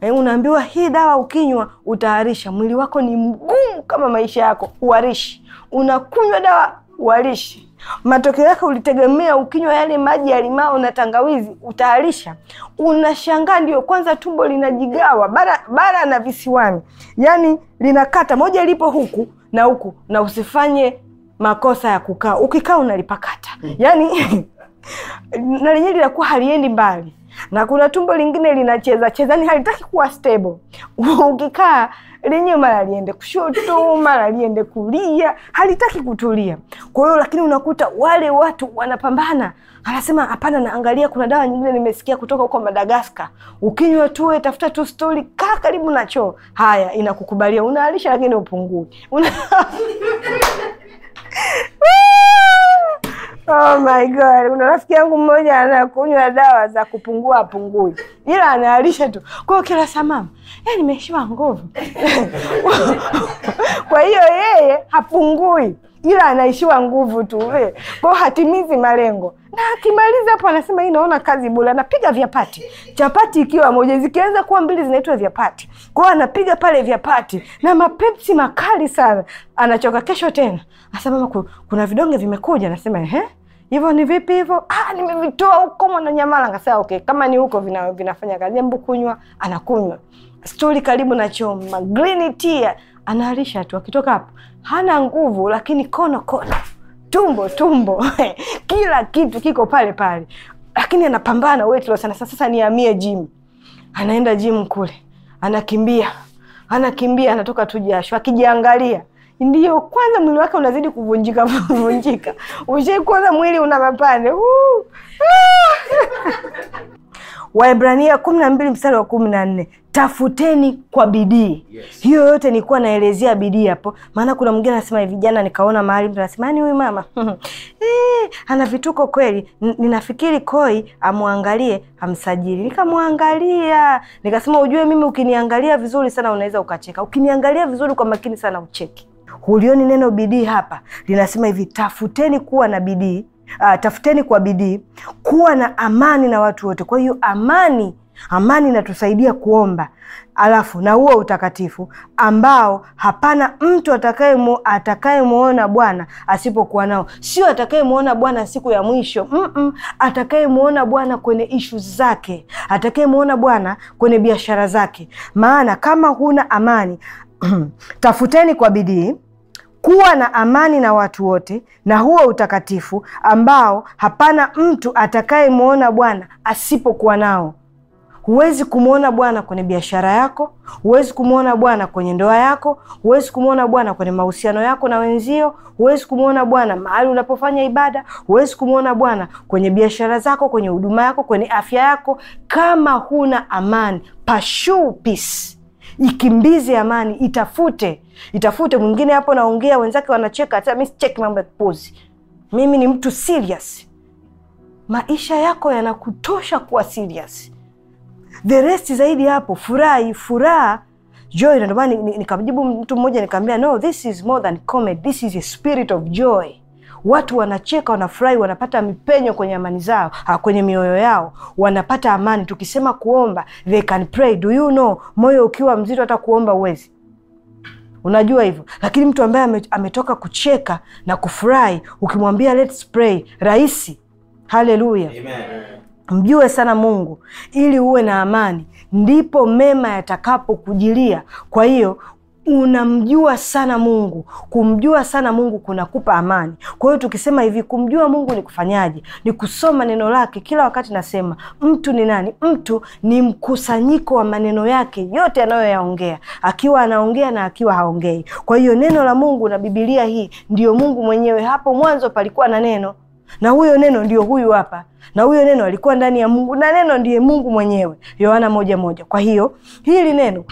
eh, unaambiwa hii dawa ukinywa utaharisha. Mwili wako ni mgumu kama maisha yako, uharishi. Unakunywa dawa uharishi. matokeo yake ulitegemea ukinywa yale maji ya limao na tangawizi utaharisha. Unashangaa ndio kwanza tumbo linajigawa bara, bara na visiwani, yaani linakata moja lipo huku na huku, na usifanye makosa ya kukaa, ukikaa unalipakata yani (laughs) na lenyewe linakuwa haliendi mbali, na kuna tumbo lingine linacheza chezani, yaani halitaki kuwa stable. (laughs) Ukikaa lenyewe mara liende kushoto, mara liende kulia, halitaki kutulia. Kwa hiyo lakini unakuta wale watu wanapambana, anasema hapana, naangalia kuna dawa nyingine nimesikia kutoka huko Madagaskar, ukinywa tu, tafuta tu stori, kaa karibu na choo, haya inakukubalia, unaalisha lakini upungui una... (laughs) (laughs) Oh my God, kuna rafiki yangu mmoja anakunywa dawa za kupungua apungui, ila anaalisha tu. Kwa kila samama mama, eh, nimeishiwa nguvu. (laughs) Kwa hiyo yeye hapungui ila anaishiwa nguvu tu, kwa hiyo hatimizi malengo, na akimaliza hapo anasema hii naona kazi bora, anapiga vyapati, chapati ikiwa moja, zikianza kuwa mbili zinaitwa vyapati. Kwa hiyo anapiga pale vyapati na mapepsi makali sana, anachoka. Kesho tena asema kuna vidonge vimekuja, anasema ehe hivyo ni vipi hivyo? Ah, nimevitoa huko mwana nyamala. Ngasema okay, kama ni huko vina, vinafanya kazi, embu kunywa. Anakunywa stori karibu na choma green tea, anaalisha tu, akitoka hapo hana nguvu, lakini kono kono, tumbo tumbo (laughs) kila kitu kiko pale pale, lakini anapambana weight loss. Sasa sasa nihamie gym, anaenda gym kule, anakimbia anakimbia, anatoka tu jasho, akijiangalia ndio kwanza mwili wake unazidi kuvunjika (laughs) vunjika. Ushaikuona mwili una mapande (laughs) Waebrania kumi na mbili mstari wa kumi na nne tafuteni kwa bidii. Yes. Hiyo yote nilikuwa naelezea bidii hapo, maana kuna mwingine anasema hivi, jana nikaona mahali mtu anasema yani, huyu mama (laughs) e, ana vituko kweli, ninafikiri koi amwangalie amsajili. Nikamwangalia nikasema, ujue mimi ukiniangalia vizuri sana unaweza ukacheka, ukiniangalia vizuri kwa makini sana ucheki. Hulioni neno bidii hapa linasema hivi, tafuteni kuwa na bidii uh, tafuteni kwa bidii kuwa na amani na watu wote. Kwa hiyo amani amani inatusaidia kuomba, alafu na huo utakatifu ambao hapana mtu atakayemwona Bwana asipokuwa nao, sio atakayemwona Bwana siku ya mwisho mm -mm. atakayemwona Bwana kwenye ishu zake, atakayemwona Bwana kwenye biashara zake. Maana kama huna amani (clears throat) tafuteni kwa bidii kuwa na amani na watu wote na huo utakatifu ambao hapana mtu atakayemwona Bwana asipokuwa nao. Huwezi kumwona Bwana kwenye biashara yako, huwezi kumwona Bwana kwenye ndoa yako, huwezi kumwona Bwana kwenye mahusiano yako na wenzio, huwezi kumwona Bwana mahali unapofanya ibada, huwezi kumwona Bwana kwenye biashara zako, kwenye huduma yako, kwenye afya yako, kama huna amani. Pursue peace ikimbize amani, itafute itafute. Mwingine hapo naongea, wenzake wanacheka, hata mimi sicheki mambo ya kipozi Mimi ni mtu serious. Maisha yako yanakutosha kuwa serious, the rest zaidi hapo, furahi furaha joy. Ndio maana nikamjibu mtu mmoja nikamwambia, no this is more than comedy, this is a spirit of joy watu wanacheka, wanafurahi, wanapata mipenyo kwenye amani zao, kwenye mioyo yao, wanapata amani. Tukisema kuomba, they can pray. Do you know, moyo ukiwa mzito hata kuomba uwezi Unajua hivyo, lakini mtu ambaye ametoka kucheka na kufurahi, ukimwambia let's pray, rahisi. Haleluya, amen. Mjue sana Mungu ili uwe na amani, ndipo mema yatakapokujilia. Kwa hiyo unamjua sana Mungu. Kumjua sana Mungu kunakupa amani. Kwa hiyo tukisema hivi, kumjua Mungu ni kufanyaje? Ni kusoma neno lake kila wakati. Nasema mtu ni nani? Mtu ni mkusanyiko wa maneno yake yote anayoyaongea, akiwa anaongea na akiwa haongei. Kwa hiyo neno la Mungu na Biblia hii ndiyo Mungu mwenyewe. Hapo mwanzo palikuwa na neno na huyo neno ndio huyu hapa, na huyo neno alikuwa ndani ya Mungu na neno ndiye Mungu mwenyewe, Yohana moja moja. Kwa hiyo hili neno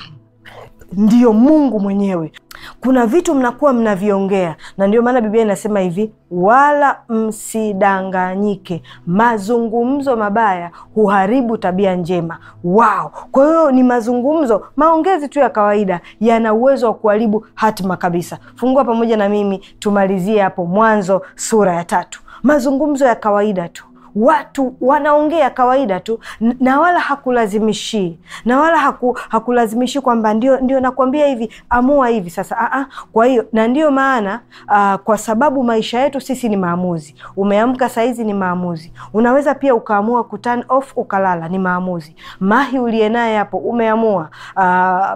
ndiyo Mungu mwenyewe. Kuna vitu mnakuwa mnaviongea, na ndio maana Biblia inasema hivi, wala msidanganyike, mazungumzo mabaya huharibu tabia njema. wao Kwa hiyo ni mazungumzo, maongezi tu ya kawaida yana uwezo wa kuharibu hatima kabisa. Fungua pamoja na mimi tumalizie hapo Mwanzo sura ya tatu, mazungumzo ya kawaida tu watu wanaongea kawaida tu, na wala hakulazimishi na wala haku, hakulazimishi kwamba ndio, ndio nakwambia hivi, amua hivi sasa. Aa, kwa hiyo na ndio maana aa, kwa sababu maisha yetu sisi ni maamuzi. Umeamka saizi ni maamuzi, unaweza pia ukaamua turn off ukalala, ni maamuzi. Mahi uliye naye hapo umeamua,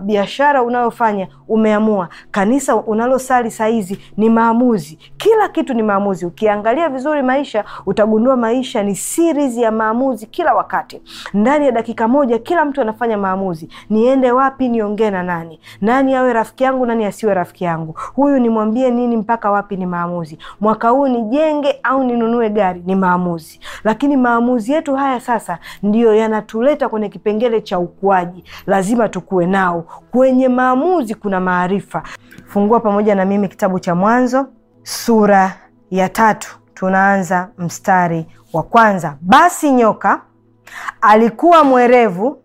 biashara unayofanya umeamua, kanisa unalosali saizi ni maamuzi. Kila kitu ni maamuzi. Ukiangalia vizuri maisha utagundua maisha ni series ya maamuzi kila wakati. Ndani ya dakika moja, kila mtu anafanya maamuzi: niende wapi, niongee na nani, nani awe rafiki yangu, nani asiwe rafiki yangu, huyu nimwambie nini, mpaka wapi, ni maamuzi. Mwaka huu nijenge au ninunue gari, ni maamuzi. Lakini maamuzi yetu haya sasa ndiyo yanatuleta kwenye kipengele cha ukuaji, lazima tukue nao. Kwenye maamuzi kuna maarifa. Fungua pamoja na mimi kitabu cha Mwanzo sura ya tatu tunaanza mstari wa kwanza. Basi nyoka alikuwa mwerevu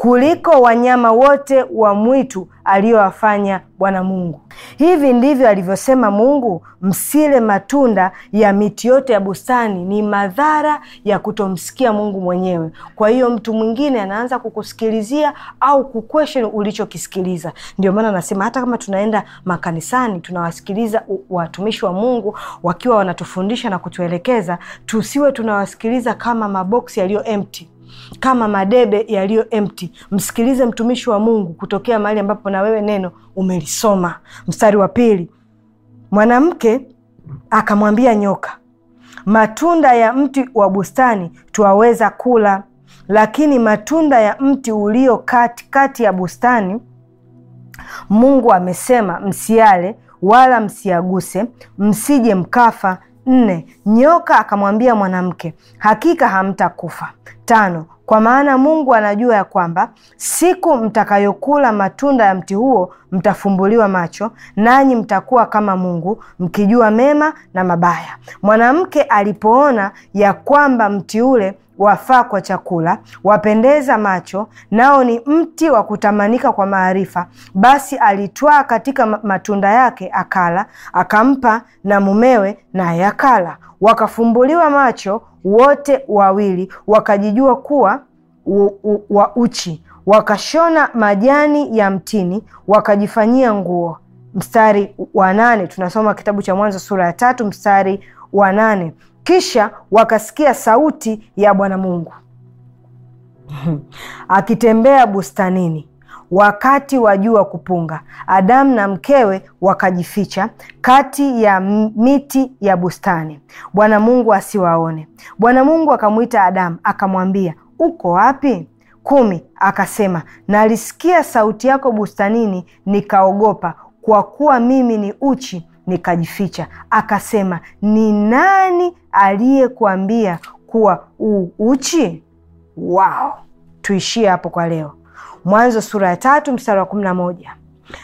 kuliko wanyama wote wa mwitu aliyowafanya Bwana Mungu. Hivi ndivyo alivyosema Mungu, msile matunda ya miti yote ya bustani. Ni madhara ya kutomsikia Mungu mwenyewe. Kwa hiyo mtu mwingine anaanza kukusikilizia au kukwesheni ulichokisikiliza. Ndio maana anasema hata kama tunaenda makanisani tunawasikiliza watumishi wa Mungu wakiwa wanatufundisha na kutuelekeza, tusiwe tunawasikiliza kama maboksi yaliyo empty kama madebe yaliyo empty. Msikilize mtumishi wa Mungu kutokea mahali ambapo na wewe neno umelisoma. Mstari wa pili, mwanamke akamwambia nyoka, matunda ya mti wa bustani twaweza kula, lakini matunda ya mti ulio kati ya bustani Mungu amesema msiale wala msiaguse, msije mkafa nne nyoka akamwambia mwanamke hakika hamtakufa tano kwa maana mungu anajua ya kwamba siku mtakayokula matunda ya mti huo mtafumbuliwa macho, nanyi mtakuwa kama Mungu mkijua mema na mabaya. Mwanamke alipoona ya kwamba mti ule wafaa kwa chakula, wapendeza macho, nao ni mti wa kutamanika kwa maarifa, basi alitwaa katika matunda yake akala, akampa na mumewe, naye akala. Wakafumbuliwa macho wote wawili, wakajijua kuwa u, u, wa uchi wakashona majani ya mtini wakajifanyia nguo. Mstari wa nane tunasoma kitabu cha Mwanzo sura ya tatu mstari wa nane kisha wakasikia sauti ya Bwana Mungu (laughs) akitembea bustanini wakati wa jua kupunga. Adamu na mkewe wakajificha kati ya miti ya bustani, Bwana Mungu asiwaone. Bwana Mungu akamwita Adamu akamwambia, uko wapi? kumi akasema, nalisikia sauti yako bustanini, nikaogopa, kwa kuwa mimi ni uchi, nikajificha. Akasema, ni nani aliyekuambia kuwa u uchi? Wao, tuishie hapo kwa leo. Mwanzo sura ya tatu mstara wa kumi na moja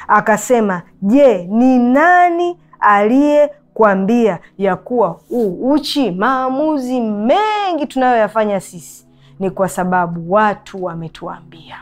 akasema, je, ni nani aliye kuambia ya kuwa u uchi? Maamuzi mengi tunayoyafanya sisi ni kwa sababu watu wametuambia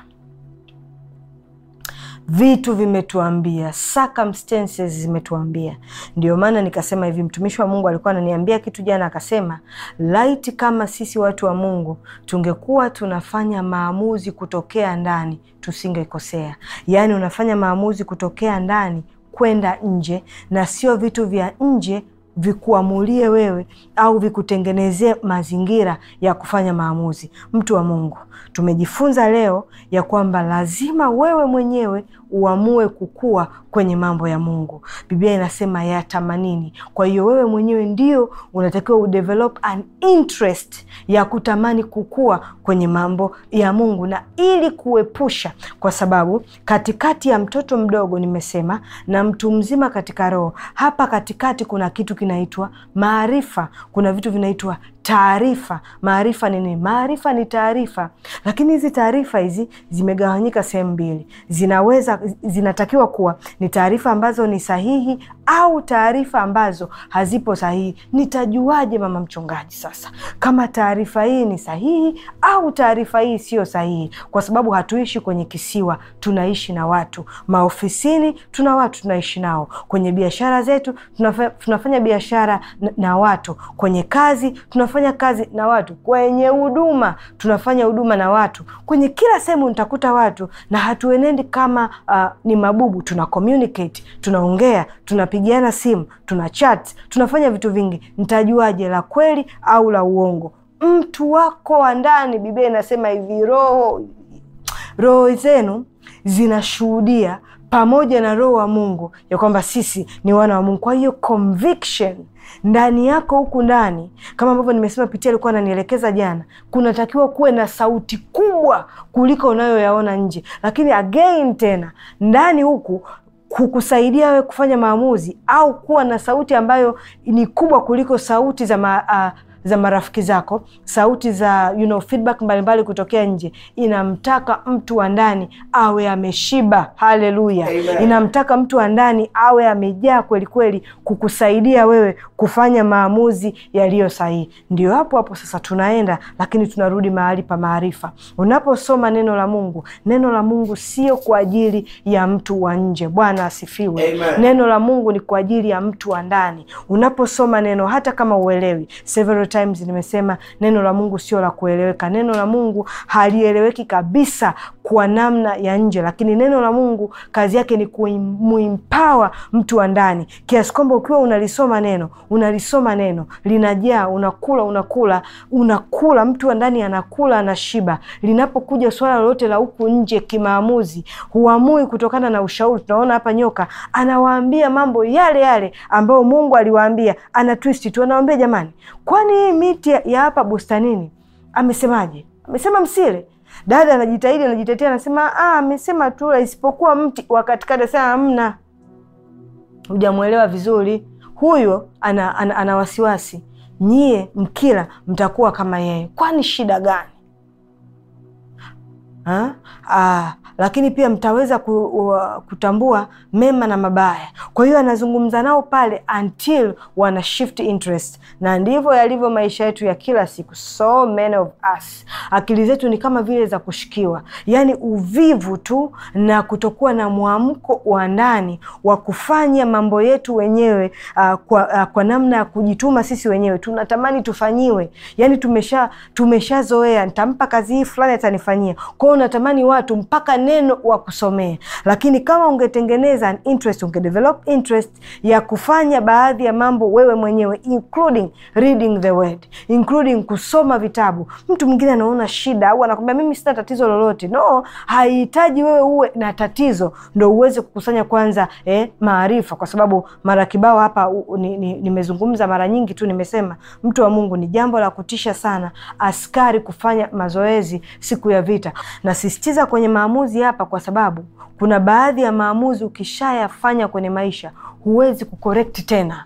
vitu vimetuambia, circumstances zimetuambia. Ndio maana nikasema hivi, mtumishi wa Mungu alikuwa ananiambia kitu jana, akasema lit kama sisi watu wa Mungu tungekuwa tunafanya maamuzi kutokea ndani, tusingekosea. Yaani unafanya maamuzi kutokea ndani kwenda nje, na sio vitu vya nje vikuamulie wewe au vikutengenezee mazingira ya kufanya maamuzi. Mtu wa Mungu, tumejifunza leo ya kwamba lazima wewe mwenyewe uamue kukua kwenye mambo ya Mungu. Biblia inasema ya tamanini. Kwa hiyo wewe mwenyewe ndio unatakiwa udevelop an interest ya kutamani kukua kwenye mambo ya Mungu, na ili kuepusha, kwa sababu katikati ya mtoto mdogo nimesema na mtu mzima katika roho. Hapa katikati kuna kitu kinaitwa maarifa, kuna vitu vinaitwa taarifa. Maarifa nini? Maarifa ni taarifa, lakini hizi taarifa hizi zimegawanyika sehemu mbili. Zinaweza, zinatakiwa kuwa ni taarifa ambazo ni sahihi au taarifa ambazo hazipo sahihi. Nitajuaje mama mchungaji sasa kama taarifa hii ni sahihi au taarifa hii siyo sahihi? Kwa sababu hatuishi kwenye kisiwa, tunaishi na watu. Maofisini tuna watu tunaishi nao, kwenye biashara zetu tunafanya biashara na watu, kwenye kazi tunafanya tunafanya kazi na watu kwenye huduma, tunafanya huduma na watu kwenye kila sehemu, nitakuta watu na hatuenendi kama uh, ni mabubu. Tuna communicate, tunaongea, tunapigiana simu, tuna chat, tunafanya vitu vingi. Nitajuaje la kweli au la uongo? Mtu wako wa ndani, Biblia inasema hivi, roho roho zenu zinashuhudia pamoja na Roho wa Mungu ya kwamba sisi ni wana wa Mungu. Kwa hiyo conviction ndani yako huku ndani, kama ambavyo nimesema, Pitia alikuwa ananielekeza jana, kunatakiwa kuwe na sauti kubwa kuliko unayoyaona nje. Lakini again tena ndani huku kukusaidia wewe kufanya maamuzi au kuwa na sauti ambayo ni kubwa kuliko sauti za ma, uh, za marafiki zako, sauti za you know, feedback mbalimbali kutokea nje. Inamtaka mtu wa ndani awe ameshiba. Haleluya! Inamtaka mtu wa ndani awe amejaa kweli kweli, kukusaidia wewe kufanya maamuzi yaliyo sahihi. Ndio hapo hapo sasa tunaenda, lakini tunarudi mahali pa maarifa. Unaposoma neno la Mungu, neno la Mungu sio kwa ajili ya mtu wa nje. Bwana asifiwe. Neno la Mungu ni kwa ajili ya mtu wa ndani. Unaposoma neno hata kama uelewi several times nimesema neno la Mungu sio la kueleweka. Neno la Mungu halieleweki kabisa kwa namna ya nje, lakini neno la Mungu kazi yake ni kumuimpawa mtu wa ndani, kiasi kwamba ukiwa unalisoma neno unalisoma neno linajaa, unakula unakula unakula, mtu wa ndani anakula shiba Linapokuja swala lolote la huku nje kimaamuzi, huamui kutokana na ushauri. Tunaona hapa nyoka anawaambia mambo yale yale ambayo Mungu aliwaambia, ana twist tu, anawaambia jamani, kwani hii miti ya hapa bustanini amesemaje? Amesema msile. Dada anajitahidi anajitetea, anasema ah, amesema tu isipokuwa mti wa katikati. Sasa amna hujamwelewa vizuri huyo, ana, ana, ana wasiwasi. Nyie mkila mtakuwa kama yeye, kwani shida gani ha? Ah, lakini pia mtaweza ku, uh, kutambua mema na mabaya. Kwa hiyo anazungumza nao pale until wana shift interest, na ndivyo yalivyo maisha yetu ya kila siku. So many of us, akili zetu ni kama vile za kushikiwa, yaani uvivu tu na kutokuwa na mwamko wa ndani wa kufanya mambo yetu wenyewe uh, kwa, uh, kwa namna ya kujituma sisi wenyewe. Tunatamani tufanyiwe, yaani tumesha tumeshazoea, nitampa kazi hii fulani atanifanyia. Kwa hiyo unatamani watu mpaka neno wa kusomea, lakini kama ungetengeneza an interest, ungedevelop interest ya kufanya baadhi ya mambo wewe mwenyewe including reading the word, including kusoma vitabu. Mtu mwingine anaona shida au anakwambia mimi sina tatizo lolote. No, haihitaji wewe uwe na tatizo ndo uweze kukusanya kwanza eh, maarifa, kwa sababu mara kibao hapa nimezungumza ni, ni mara nyingi tu nimesema, mtu wa Mungu, ni jambo la kutisha sana askari kufanya mazoezi siku ya vita. nasistiza kwenye maamuzi kazi hapa, kwa sababu kuna baadhi ya maamuzi ukishayafanya kwenye maisha huwezi kukorekti tena,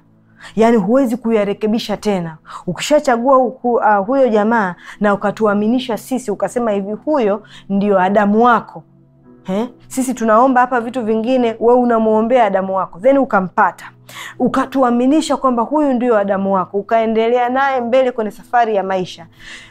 yaani huwezi kuyarekebisha tena. Ukishachagua hu, uh, huyo jamaa na ukatuaminisha sisi, ukasema hivi, huyo ndio Adamu wako He? Eh? Sisi tunaomba hapa vitu vingine, we unamwombea Adamu wako then ukampata ukatuaminisha kwamba huyu ndio Adamu wako, ukaendelea naye mbele kwenye safari ya maisha.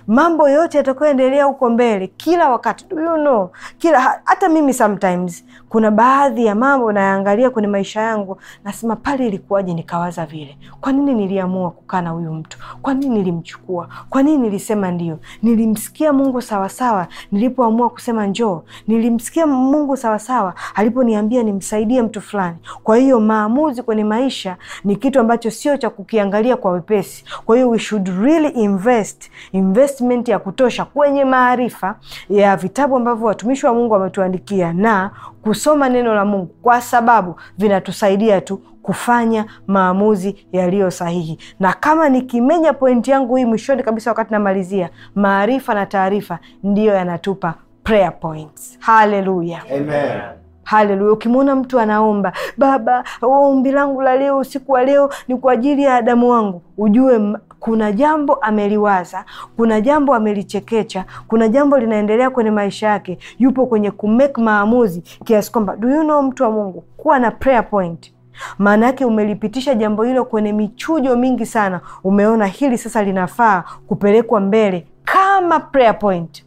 Mambo yote yatakayoendelea huko mbele, kila wakati do you know, kila hata mimi sometimes kuna baadhi ya mambo nayaangalia kwenye maisha yangu, nasema pale ilikuwaje nikawaza vile? Kwa nini niliamua kukaa na huyu mtu? Kwa nini nilimchukua? Kwa nini nilisema ndio? Nilimsikia Mungu sawasawa nilipoamua kusema njoo? Nilimsikia Mungu sawasawa aliponiambia nimsaidie mtu fulani. Kwa hiyo maamuzi kwenye maisha ni kitu ambacho sio cha kukiangalia kwa wepesi. Kwa hiyo we should really invest investment ya kutosha kwenye maarifa ya vitabu ambavyo watumishi wa Mungu wametuandikia na kusoma neno la Mungu kwa sababu vinatusaidia tu kufanya maamuzi yaliyo sahihi. Na kama nikimenya pointi yangu hii mwishoni kabisa, wakati namalizia, maarifa na taarifa ndiyo yanatupa prayer points. Haleluya, amen. Haleluya. Ukimwona mtu anaomba, Baba, oh, ombi langu la leo, usiku wa leo ni kwa ajili ya Adamu wangu, ujue kuna jambo ameliwaza, kuna jambo amelichekecha, kuna jambo linaendelea kwenye maisha yake, yupo kwenye kumake maamuzi kiasi kwamba do you know, mtu wa Mungu, kuwa na prayer point maana yake umelipitisha jambo hilo kwenye michujo mingi sana, umeona hili sasa linafaa kupelekwa mbele kama prayer point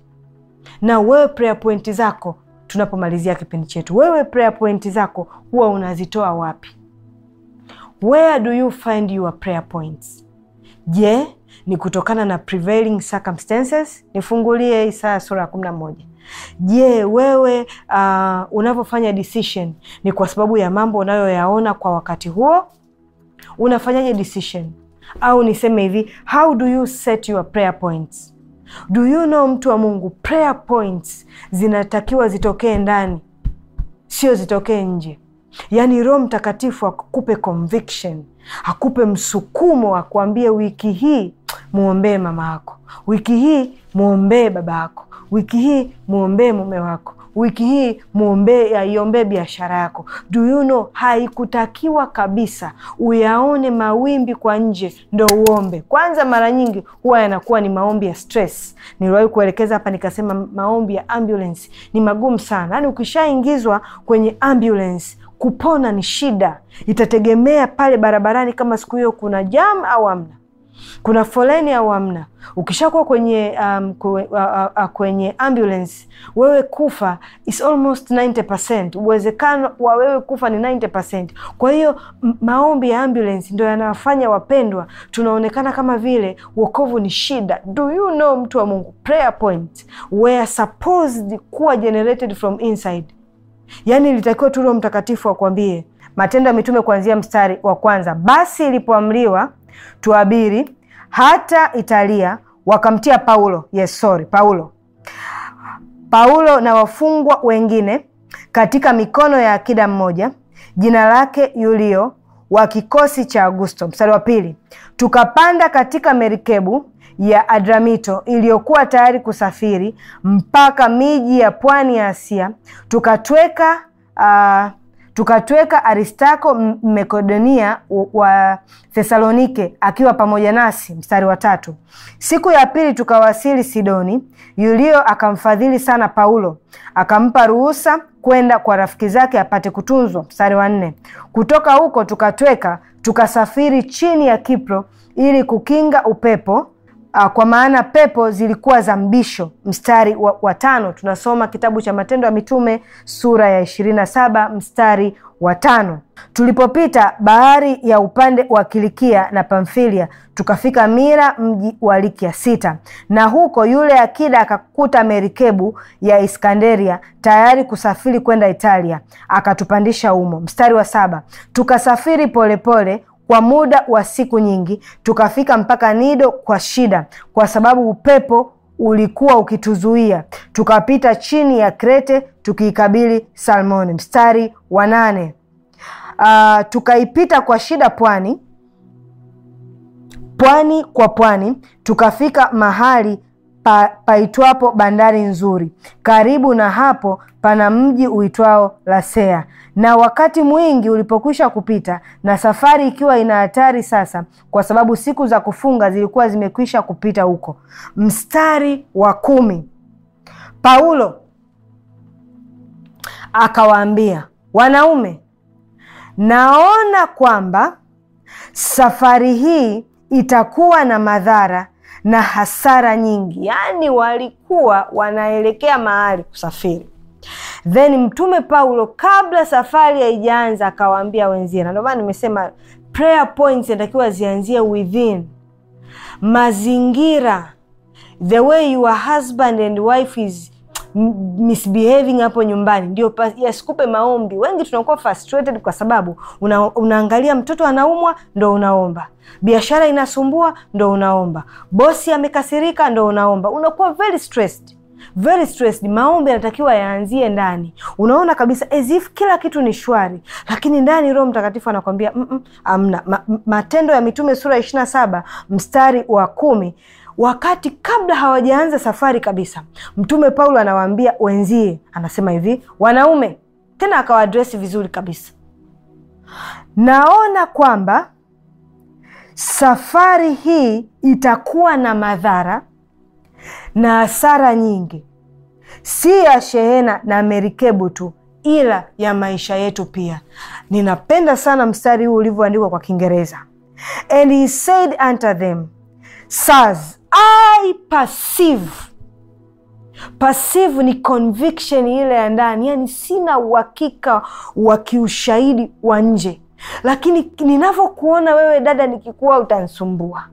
na wewe prayer point zako tunapomalizia kipindi chetu, wewe prayer point zako huwa unazitoa wapi? Where do you find your prayer points? Je, ni kutokana na prevailing circumstances? Nifungulie Isaya sura ya kumi na moja. Je, wewe uh, unavyofanya decision ni kwa sababu ya mambo unayoyaona kwa wakati huo? Unafanyaje decision? Au niseme hivi, how do you set your prayer points? Do you know, mtu wa Mungu, prayer points zinatakiwa zitokee ndani, sio zitokee nje. Yaani Roho Mtakatifu akupe conviction, akupe msukumo, akuambie wiki hii mwombee mama yako, wiki hii mwombee baba yako, wiki hii mwombee mume wako, wiki hii muombe, iombee biashara yako. Do you know, haikutakiwa kabisa uyaone mawimbi kwa nje ndo uombe. Kwanza mara nyingi huwa yanakuwa ni maombi ya stress. Niliwahi kuelekeza hapa nikasema maombi ya ambulance ni magumu sana, yaani ukishaingizwa kwenye ambulance kupona ni shida. Itategemea pale barabarani kama siku hiyo kuna jam au amna kuna foleni au hamna. Ukishakuwa kwenye um, kwe, a, a, a, kwenye ambulance wewe kufa is almost 90%. Uwezekano wa wewe kufa ni 90%. Kwa hiyo maombi ya ambulance ndo yanawafanya wapendwa, tunaonekana kama vile wokovu ni shida. Do you know, mtu wa Mungu, prayer point were supposed kuwa generated from inside, yaani ilitakiwa tu Roho Mtakatifu wakuambie Matendo ya Mitume kuanzia mstari wa kwanza, basi ilipoamriwa tuabiri hata Italia, wakamtia Paulo, yes, sorry, Paulo Paulo na wafungwa wengine katika mikono ya akida mmoja jina lake Yulio wa kikosi cha Augusto. Mstari wa pili, tukapanda katika merikebu ya Adramito iliyokuwa tayari kusafiri mpaka miji ya pwani ya Asia, tukatweka uh, tukatweka Aristako Mmekodonia wa Thesalonike akiwa pamoja nasi. Mstari wa tatu. Siku ya pili tukawasili Sidoni. Yulio akamfadhili sana Paulo, akampa ruhusa kwenda kwa rafiki zake apate kutunzwa. Mstari wa nne. Kutoka huko tukatweka tukasafiri chini ya Kipro ili kukinga upepo uh, kwa maana pepo zilikuwa za mbisho. Mstari wa, wa tano tunasoma kitabu cha Matendo ya Mitume sura ya ishirini na saba mstari wa tano tulipopita bahari ya upande wa Kilikia na Pamfilia tukafika Mira, mji wa Likia sita, na huko yule akida akakuta merikebu ya Iskanderia tayari kusafiri kwenda Italia, akatupandisha umo. Mstari wa saba tukasafiri polepole pole, kwa muda wa siku nyingi, tukafika mpaka Nido kwa shida, kwa sababu upepo ulikuwa ukituzuia. Tukapita chini ya Krete tukiikabili Salmoni. Mstari wa nane. Uh, tukaipita kwa shida pwani pwani kwa pwani, tukafika mahali pa, paitwapo bandari nzuri. Karibu na hapo pana mji uitwao Lasea na wakati mwingi ulipokwisha kupita na safari ikiwa ina hatari sasa, kwa sababu siku za kufunga zilikuwa zimekwisha kupita huko. Mstari wa kumi, Paulo akawaambia wanaume, naona kwamba safari hii itakuwa na madhara na hasara nyingi. Yaani walikuwa wanaelekea mahali kusafiri Then Mtume Paulo kabla safari haijaanza akawaambia wenzie, na ndio nimesema prayer points inatakiwa zianzie within mazingira, the way your husband and wife is misbehaving hapo nyumbani, ndio yasikupe maombi. Wengi tunakuwa frustrated kwa sababu una, unaangalia mtoto anaumwa ndo unaomba, biashara inasumbua ndo unaomba, bosi amekasirika ndo unaomba, unakuwa very stressed very stressed, maombi yanatakiwa yaanzie ndani. Unaona kabisa as if kila kitu ni shwari, lakini ndani Roho Mtakatifu anakwambia mm -mm, amna. Ma, Matendo ya Mitume sura ya ishirini na saba mstari wa kumi wakati kabla hawajaanza safari kabisa, Mtume Paulo anawaambia wenzie, anasema hivi, wanaume, tena akawaadresi vizuri kabisa, naona kwamba safari hii itakuwa na madhara na hasara nyingi, si ya shehena na merikebu tu ila ya maisha yetu pia. Ninapenda sana mstari huu ulivyoandikwa kwa Kiingereza. And he said unto them, sas I perceive. pasivu ni conviction ile ya ndani, yani sina uhakika wa kiushahidi wa nje, lakini ninavyokuona wewe dada, nikikuwa utansumbua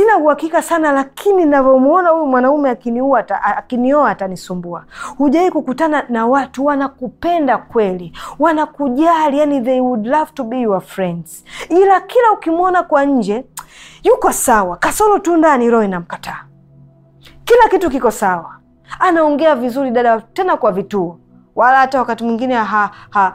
sina uhakika sana, lakini navyomwona huyu mwanaume akinioa akinioa atanisumbua. Hujawai kukutana na watu wanakupenda kweli, wanakujali, yani they would love to be your friends, ila kila ukimwona kwa nje yuko sawa, kasoro tu ndani roho inamkataa, kila kitu kiko sawa, anaongea vizuri dada, tena kwa vituo, wala hata wakati mwingine ha, ha,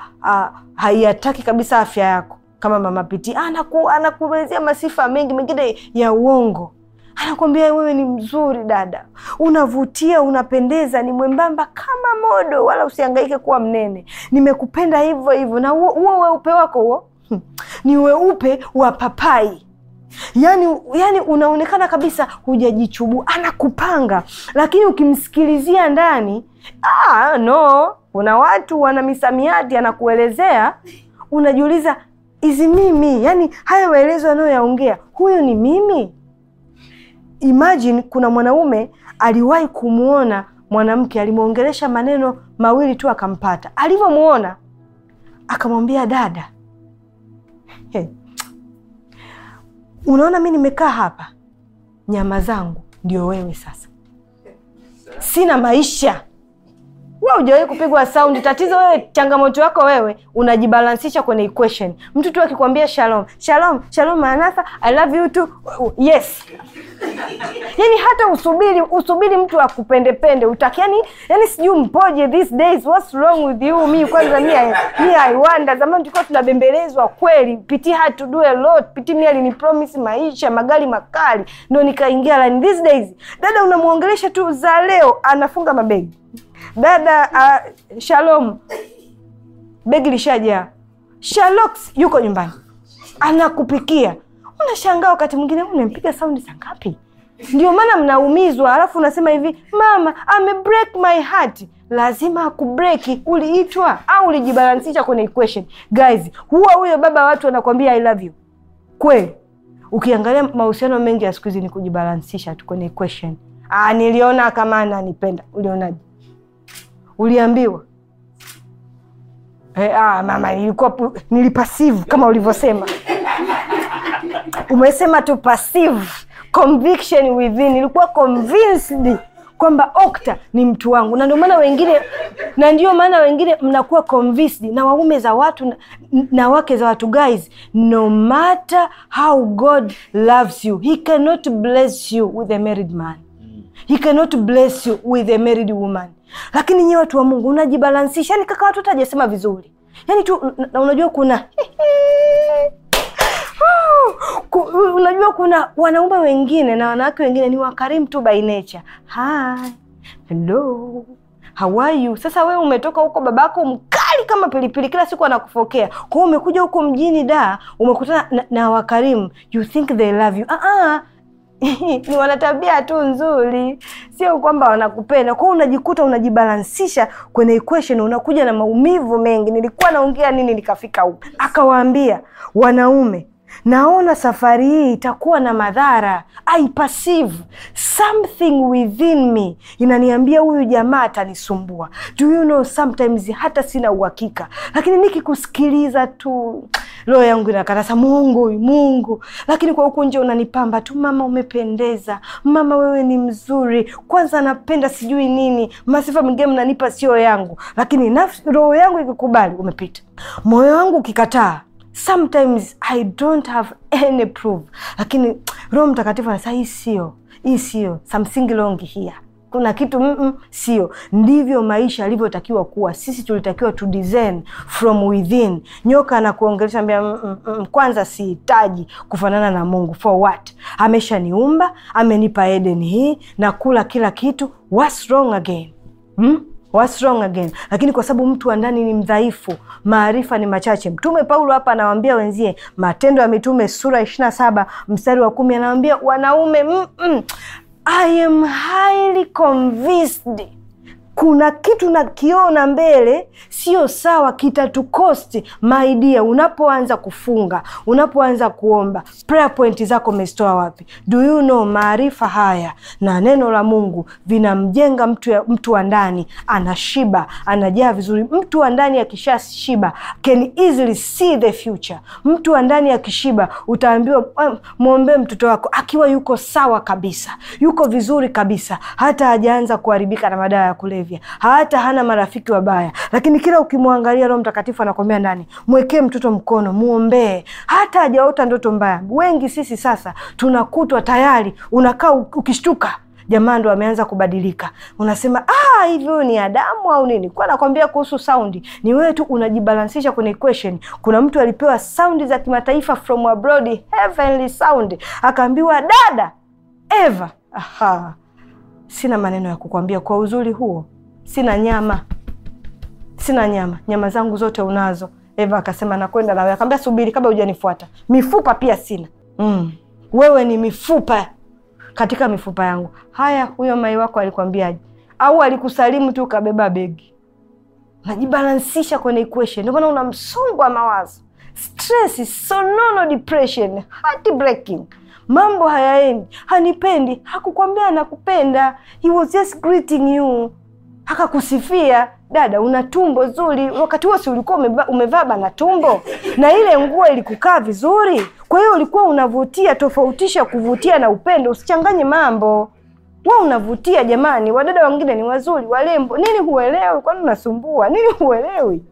ha, kabisa afya yako kama Mama Piti ah, anaku, anakuelezea masifa mengi mengine ya uongo, anakuambia wewe ni mzuri dada, unavutia, unapendeza, ni mwembamba kama modo, wala usihangaike kuwa mnene, nimekupenda hivyo hivyo. Na huo weupe wako huo hmm, ni weupe wa papai Yani, yani unaonekana kabisa hujajichubu, anakupanga, lakini ukimsikilizia ndani, ah, no, kuna watu wana misamiati, anakuelezea unajiuliza hizi mimi, yani haya maelezo anayoyaongea huyu ni mimi. Imagine kuna mwanaume aliwahi kumwona mwanamke, alimwongelesha maneno mawili tu akampata. alivyomwona akamwambia dada, hey, unaona mi nimekaa hapa, nyama zangu ndio wewe sasa, sina maisha wewe hujawahi kupigwa saundi? Tatizo wewe, changamoto yako wewe unajibalansisha kwenye equation. Mtu tu akikwambia shalom, shalom, shalom Manasa, I love you too. Yes. Yani hata usubiri, usubiri mtu akupendepende. Utaki yani, yani sijui mpoje these days what's wrong with you? Mimi kwanza mimi mimi I wonder. Zamani tulikuwa tunabembelezwa kweli. Piti had to do a lot. Piti mimi alini promise maisha, magari makali. Ndio nikaingia line these days. Dada unamuongelesha tu za leo anafunga mabegi. Dada uh, Shalom begi lishajaa, Shalox yuko nyumbani anakupikia. Unashangaa wakati mwingine umempiga saundi za ngapi? Ndio maana mnaumizwa, alafu unasema hivi, mama ame break my heart. Lazima akubreki. Uliitwa au ulijibalansisha kwenye equation? Guys, huwa huyo baba watu wanakwambia I love you kweli? Ukiangalia mahusiano mengi ya siku hizi ni kujibalansisha tu kwenye equation. Ah, niliona kama ananipenda. Ulionaje? uliambiwa Hey, eh, ah, mama nilikuwa nilipasivu kama ulivyosema umesema tu passive conviction within nilikuwa convinced kwamba Okta ni mtu wangu, na ndio maana wengine na ndio maana wengine mnakuwa convinced na waume za watu na, na wake za watu. Guys, no matter how God loves you he cannot bless you with a married man, he cannot bless you with a married woman lakini nyewe watu wa Mungu unajibalansisha. Yaani kaka watu ajasema vizuri. Yaani tu na unajua kuna (laughs) unajua kuna wanaume wengine na wanawake wengine ni wakarimu tu by nature. Hi. Hello. How are you? Sasa wewe umetoka huko babako mkali kama pilipili kila siku anakufokea. Kwa hiyo umekuja huko mjini da, umekutana na, na wakarimu. You think they love you. Ah ah. (laughs) ni wanatabia tu nzuri, sio kwamba wanakupenda. Kwa hiyo unajikuta unajibalansisha kwenye equation, unakuja na maumivu mengi. Nilikuwa naongea nini nikafika huko? Akawaambia wanaume naona safari hii itakuwa na madhara. I perceive something within me inaniambia huyu jamaa atanisumbua. Do you know, sometimes hata sina uhakika, lakini nikikusikiliza tu roho yangu inakatasa, Mungu huyu Mungu. Lakini kwa huku nje unanipamba tu, mama umependeza, mama wewe ni mzuri, kwanza napenda sijui nini, masifa mengine mnanipa sio yangu, lakini roho yangu ikikubali umepita, moyo wangu ukikataa sometimes I don't have any proof, lakini Roho Mtakatifu anasema hii sio, hii sio something wrong here kuna kitu mm -mm, sio ndivyo maisha yalivyotakiwa kuwa. Sisi tulitakiwa to design from within. Nyoka anakuongelesha mbia mm, mm -mm, kwanza sihitaji kufanana na Mungu for what? Ameshaniumba, amenipa Eden hii, nakula kila kitu. What's wrong again hmm? What's wrong again? Lakini kwa sababu mtu wa ndani ni mdhaifu, maarifa ni machache. Mtume Paulo hapa anawaambia wenzie, Matendo ya Mitume sura 27 mstari wa kumi anawaambia wanaume, mm -mm, I am highly convinced kuna kitu nakiona mbele sio sawa, kitatukosti maidia. Unapoanza kufunga, unapoanza kuomba, prayer point zako umezitoa wapi? Do you know, maarifa haya na neno la Mungu vinamjenga mtu, mtu wa ndani anashiba, anajaa vizuri. Mtu wa ndani akishashiba can easily see the future. Mtu wa ndani akishiba, utaambiwa ah, mwombee mtoto wako akiwa yuko sawa kabisa, yuko vizuri kabisa, hata hajaanza kuharibika na madawa ya kulevya behavior, hata hana marafiki wabaya, lakini kila ukimwangalia Roho Mtakatifu anakwambia ndani, mwekee mtoto mkono, muombee, hata hajaota ndoto mbaya. Wengi sisi sasa tunakutwa tayari, unakaa ukishtuka jamaa ndo ameanza kubadilika, unasema ah, hivi huyu ni Adamu au nini? Kwa nakwambia kuhusu saundi, ni wewe tu unajibalansisha kwenye equation. Kuna mtu alipewa saundi za kimataifa from abroad, heavenly sound, akaambiwa dada Eva. Aha, sina maneno ya kukwambia kwa uzuri huo sina nyama, sina nyama, nyama zangu zote unazo. Eva akasema nakwenda nawe, akamwambia subiri, kabla hujanifuata, mifupa pia sina. Mm, wewe ni mifupa katika mifupa yangu. Haya, huyo mai wako alikwambiaje? Au alikusalimu tu ukabeba begi? Najibalansisha kwenye equation, ndio maana una msongo wa mawazo, stress, sonono, depression, heart breaking mambo hayaendi, hanipendi. Hakukwambia anakupenda, he was just greeting you akakusifia dada, una tumbo zuri. Wakati huo si ulikuwa umevaa bana tumbo, na ile nguo ilikukaa vizuri, kwa hiyo ulikuwa unavutia. Tofautisha kuvutia na upendo, usichanganye mambo. Wewe unavutia jamani, wadada wengine ni wazuri, walembo. Nini huelewi? Kwani unasumbua nini? Huelewi?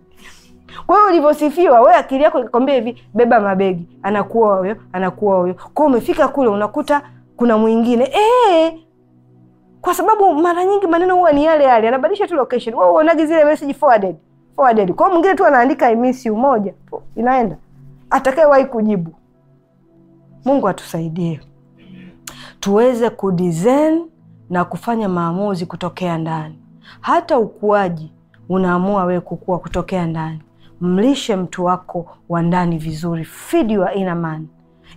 Kwa hiyo ulivyosifiwa, wewe akili yako ikakwambia hivi, beba mabegi, anakuwa huyo, anakuwa huyo. Kwa hiyo umefika kule unakuta kuna mwingine eh, kwa sababu mara nyingi maneno huwa ni yale yale, anabadilisha tu location. Wewe uonaje zile message forwarded forwarded? Kwa mwingine tu anaandika I miss you moja po, inaenda atakayewahi kujibu. Mungu atusaidie tuweze kudesign na kufanya maamuzi kutokea ndani. Hata ukuaji unaamua wewe kukua kutokea ndani. Mlishe mtu wako wa ndani vizuri, feed your inner man,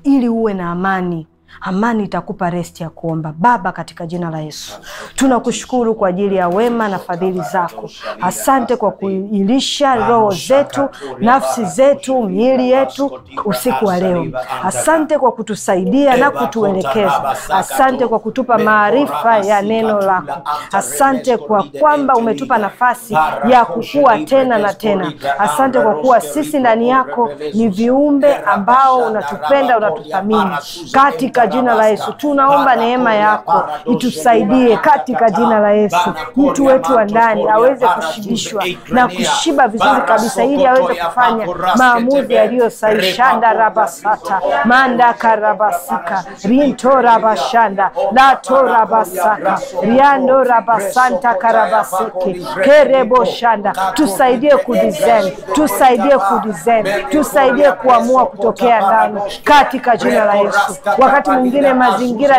ili uwe na amani Amani itakupa resti ya kuomba. Baba, katika jina la Yesu tunakushukuru kwa ajili ya wema na fadhili zako. Asante kwa kuilisha roho zetu, nafsi zetu, miili yetu usiku wa leo. Asante kwa kutusaidia na kutuelekeza. Asante kwa kutupa maarifa ya neno lako. Asante kwa kwamba umetupa nafasi ya kukua tena na tena. Asante kwa kuwa sisi ndani yako ni viumbe ambao unatupenda, unatuthamini katika katika jina la Yesu. Tunaomba neema yako itusaidie katika jina la Yesu, mtu wetu wa ndani aweze kushibishwa na kushiba vizuri kabisa, ili aweze kufanya maamuzi yaliyo sahihi. shanda rabasata manda karabasika rinto rabashanda lato rabasaka riando rabasanta karabasike kerebo shanda. Tusaidie kudizaini, tusaidie kudizaini, tusaidie kuamua kutokea ndani katika jina la Yesu wakati wakati mwingine mazingira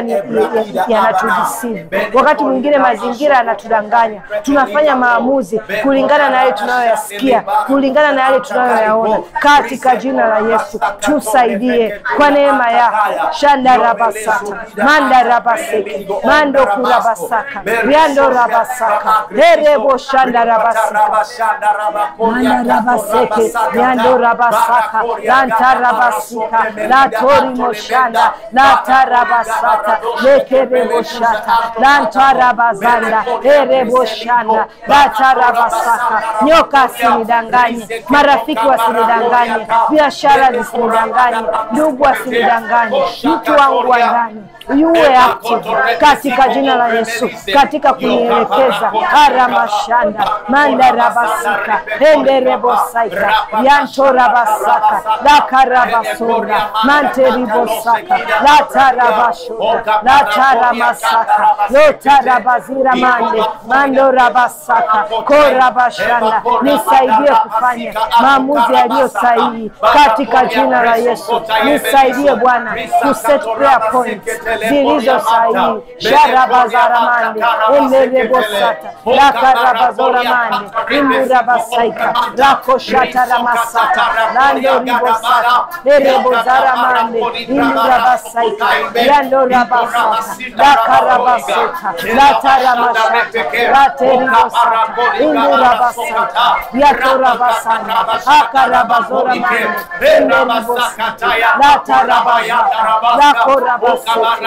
yanatudisivu, wakati mwingine mazingira yanatudanganya. Tunafanya maamuzi kulingana na yale tunayoyasikia, kulingana na yale tunayoyaona. Katika jina la Yesu tusaidie kwa neema yako. shandarabasata mandarabaseke mando kurabasaka riando rabasaka herebo shandarabasikamandorabaseke riando rabasaka lantarabasika latorimoshanda la katarabasata lekereboshata lantarabazanda ereboshanda batarabasaka nyoka asinidanganye marafiki wasinidanganye biashara zisinidanganye ndugu asinidanganye mtu wangu wa ndani uwe active katika jina la Yesu, katika kunielekeza karamashanda mandarabasika henderebosaika lata lakarabasora lata rabasaka lataramasaka rabazira mande mandorabasaka korabashanda, nisaidie kufanya maamuzi yaliyo sahihi katika jina la Yesu, nisaidie Bwana kuset prayer points zilizo sahihi. sharabazaramande olerebosata lakarabazoramande imurabasaika lakoshataramasata landoribosata erebozaramande imurabasaika yandorabasata lakarabasota lataramashata rateribosata indurabasata yatorabasana akarabazoramande enderibosata latarabazata lakorabasota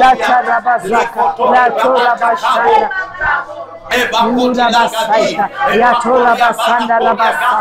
la tarabazaka la torabashana yatola basanda la basa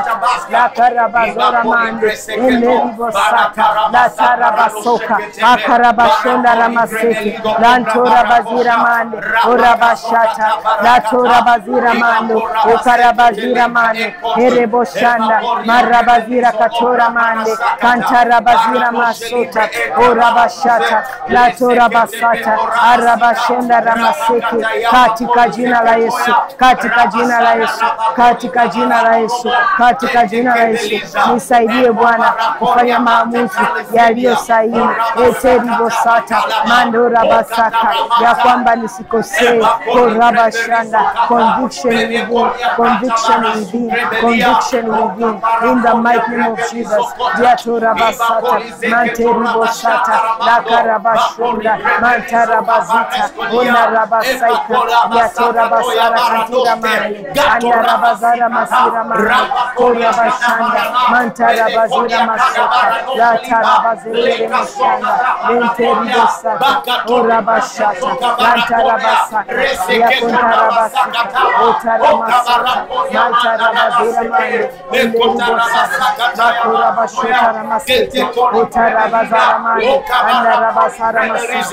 la karabazora mande imeri bosaka la tarabasoka akarabashonda la masete la ntora bazira mande orabashata la tora bazira mande okarabazira mande ereboshanda marabazira katora mande kantarabazira masota orabashata la tora rabasata arabashenda ramaseke katika jina la Yesu katika jina la Yesu katika jina la Yesu katika jina la Yesu nisaidie Bwana kufanya maamuzi yaliyo sahihi eteribosata mandora basaka ya kwamba nisikosee korabashanda conviction within conviction within conviction within in the mighty name of Jesus diatorabasata manteribosata lakarabashunda Thank you. yatorabasaratura mai masira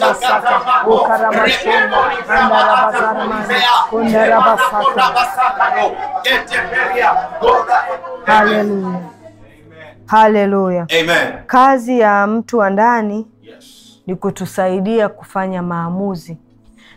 rabasata haleluya haleluya kazi ya mtu wa ndani yes. ni kutusaidia kufanya maamuzi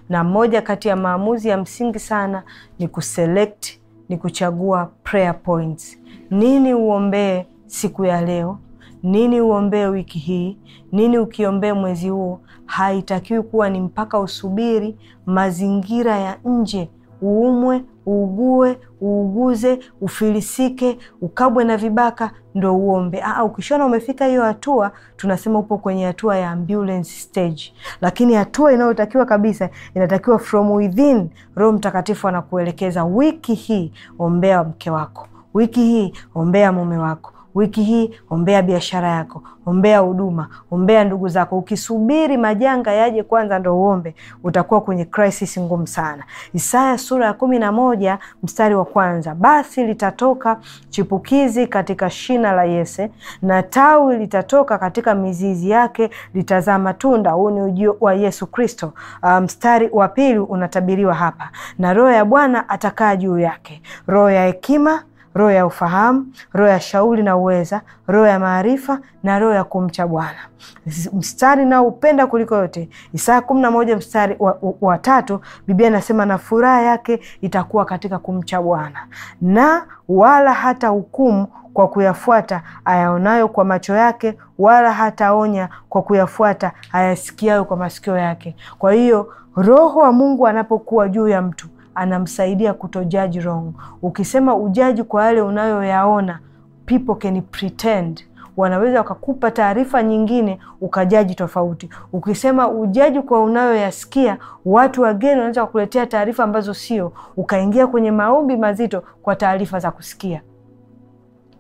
na moja kati ya maamuzi ya msingi sana ni kuselect ni kuchagua prayer points nini uombee siku ya leo nini uombee wiki hii, nini ukiombee mwezi huo. Haitakiwi kuwa ni mpaka usubiri mazingira ya nje, uumwe, uugue, uuguze, ufilisike, ukabwe na vibaka ndo uombe. Aa, ah, ah, ukishona umefika hiyo hatua, tunasema upo kwenye hatua ya ambulance stage. Lakini hatua inayotakiwa kabisa, inatakiwa from within. Roho Mtakatifu anakuelekeza wiki hii ombea mke wako, wiki hii ombea mume wako Wiki hii ombea biashara yako, ombea huduma, ombea ndugu zako. Ukisubiri majanga yaje kwanza ndo uombe, utakuwa kwenye crisis ngumu sana. Isaya sura ya kumi na moja mstari wa kwanza, basi litatoka chipukizi katika shina la Yese na tawi litatoka katika mizizi yake, litazaa matunda. Huu ni ujio wa Yesu Kristo. Ah, mstari um, wa pili unatabiriwa hapa, na roho ya Bwana atakaa juu yake, roho ya hekima roho ya ufahamu, roho ya shauri na uweza, roho ya maarifa na roho ya kumcha Bwana. Mstari nao upenda kuliko yote, Isaya kumi na moja mstari wa, wa, wa tatu, Biblia inasema na furaha yake itakuwa katika kumcha Bwana, na wala hata hukumu kwa kuyafuata ayaonayo kwa macho yake, wala hataonya kwa kuyafuata ayasikiayo kwa masikio yake. Kwa hiyo Roho wa Mungu anapokuwa juu ya mtu anamsaidia judge wrong. Ukisema ujaji kwa yale unayoyaona, people can pretend wanaweza wakakupa taarifa nyingine ukajaji tofauti. Ukisema ujaji kwa unayoyasikia, watu wageni wanaweza kukuletea taarifa ambazo sio, ukaingia kwenye maombi mazito kwa taarifa za kusikia.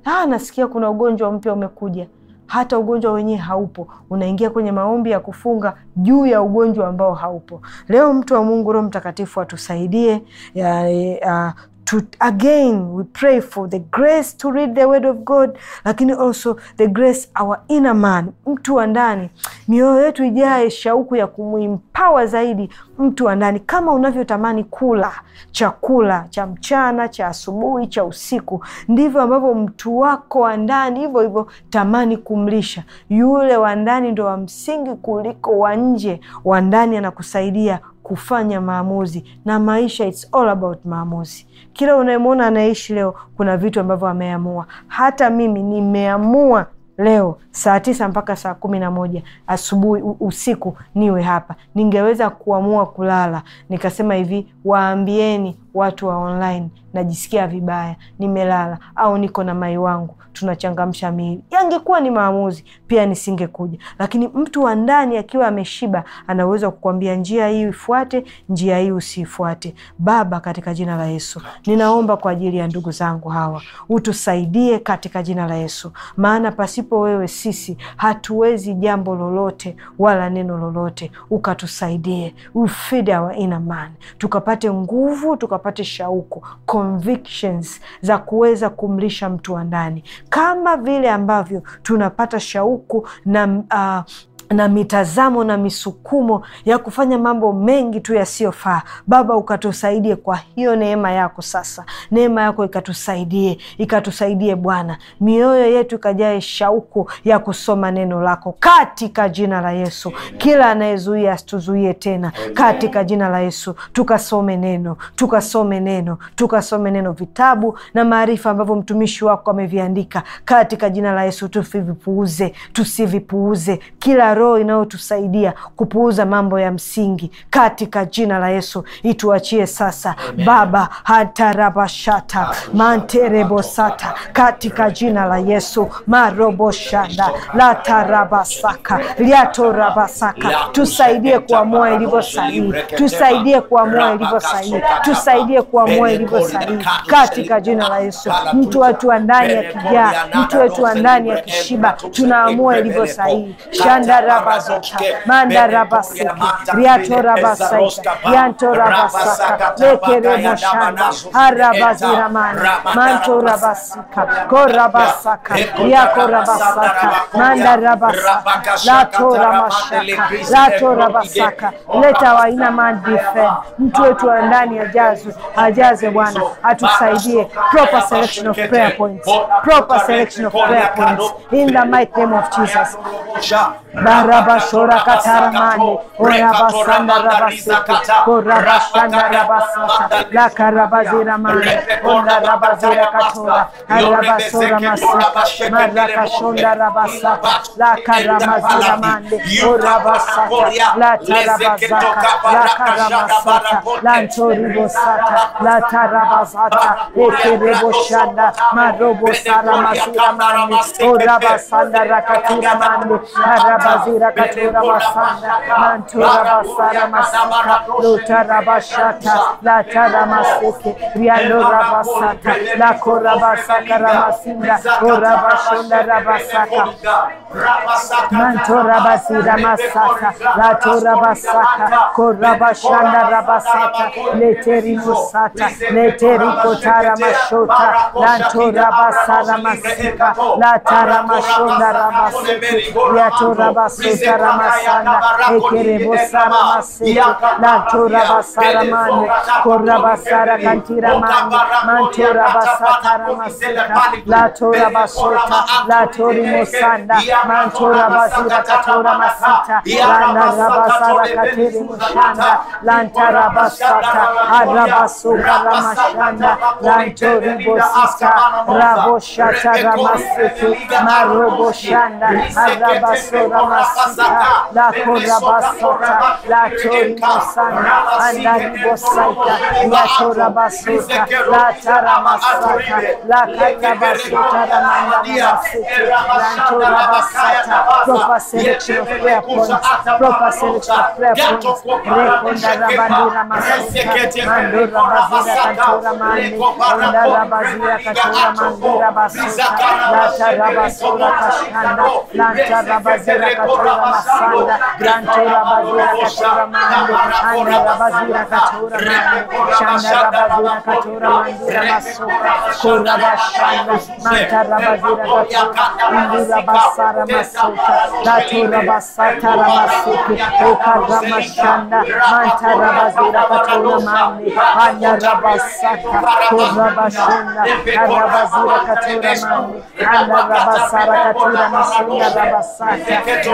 Ah, nasikia kuna ugonjwa mpya umekuja hata ugonjwa wenyewe haupo, unaingia kwenye maombi ya kufunga juu ya ugonjwa ambao haupo. Leo mtu wa Mungu, Roho Mtakatifu atusaidie ya, ya, to again we pray for the grace to read the word of god lakini also the grace our inner man mtu wa ndani mioyo yetu ijae shauku ya kumuimpawa zaidi mtu wa ndani kama unavyotamani kula chakula cha mchana cha asubuhi cha usiku ndivyo ambavyo mtu wako wa ndani hivyo hivyo tamani kumlisha yule wa ndani ndo wa msingi kuliko wa nje wa ndani anakusaidia kufanya maamuzi na maisha, it's all about maamuzi. Kila unayemwona anaishi leo, kuna vitu ambavyo ameamua. Hata mimi nimeamua leo saa tisa mpaka saa kumi na moja asubuhi usiku niwe hapa. Ningeweza kuamua kulala, nikasema hivi, waambieni watu wa online, najisikia vibaya, nimelala au niko na mai wangu, tunachangamsha miili. Yangekuwa ni maamuzi pia nisingekuja, lakini mtu wa ndani akiwa ameshiba anaweza kukwambia njia hii ifuate, njia hii usiifuate. Baba, katika jina la Yesu ninaomba kwa ajili ya ndugu zangu hawa, utusaidie katika jina la Yesu, maana pasipo wewe sisi hatuwezi jambo lolote wala neno lolote. Ukatusaidie, ufide our inner man, tukapate nguvu, tukapate wapate shauku convictions za kuweza kumlisha mtu wa ndani, kama vile ambavyo tunapata shauku na uh, na mitazamo na misukumo ya kufanya mambo mengi tu yasiyofaa. Baba, ukatusaidie kwa hiyo neema yako. Sasa neema yako ikatusaidie, ikatusaidie Bwana, mioyo yetu ikajae shauku ya kusoma neno lako katika jina la Yesu. Kila anayezuia asituzuie tena katika jina la Yesu. Tukasome neno, tukasome neno, tukasome neno, vitabu na maarifa ambavyo mtumishi wako ameviandika katika jina la Yesu, tusivipuuze, tusivipuuze kila Roho inayotusaidia kupuuza mambo ya msingi katika jina la Yesu. Ituachie sasa Amen. Baba hatarabashata manterebosata katika jina la Yesu maroboshanda latarabasaka liatorabasaka tusaidie kuamua ilivyo sahihi, tusaidie kuamua ilivyo sahihi, tusaidie kuamua ilivyo sahihi katika jina la Yesu. Mtu wetu wa ndani ya kijaa, mtu wetu wa ndani ya kishiba, tunaamua ilivyo sahihi shanda Mandarabasaka, Mandarabasaka, Riatorabasaka, Yantorabasaka, Lekeremoshana, Harabaziramana, Mantorabasaka, Korabasaka, Riakorabasaka, Mandarabasaka, Latoramashaka, Latorabasaka, leta waina mandife, mtu wetu wa ndani ajazwe, ajaze Bwana, atusaidie proper selection of prayer points, proper selection of prayer points in the mighty name of Jesus. Rabashora mane, Orabasanda Rabasota, Korabasanda Rabasota, La Carabazira mane, Ola Rabazira Zira Katura Masanda, Mantura Basara Masaka, Lutara Bashata, Latara Maseke, Rialo Rabasaka, La Korabasaka Ramasinda, Korabashunda Rabasaka. Mantora basira masaka, la tora basaka, korabashanda rabasaka, leteri musata, leteri kotara mashota, la tora basara masika, la tara mashonda rabaseke, ya basaka. masota ramasanda ekerebosara mane korra basara kantira mane mantora basata ramaseta latora basota latori mosanda mantora basira katora masita lana rabasara katere mosanda rabasata, la korabasata, la la la la la la la la katura masanda grantura bazura katura mando andura bazura katura mando shandara kura bashanda mantara bazura katura indura basara masuka katura basatara masuki mantara bazura katura mandi andara basaka kura bashanda andara katura mandi andara basara katura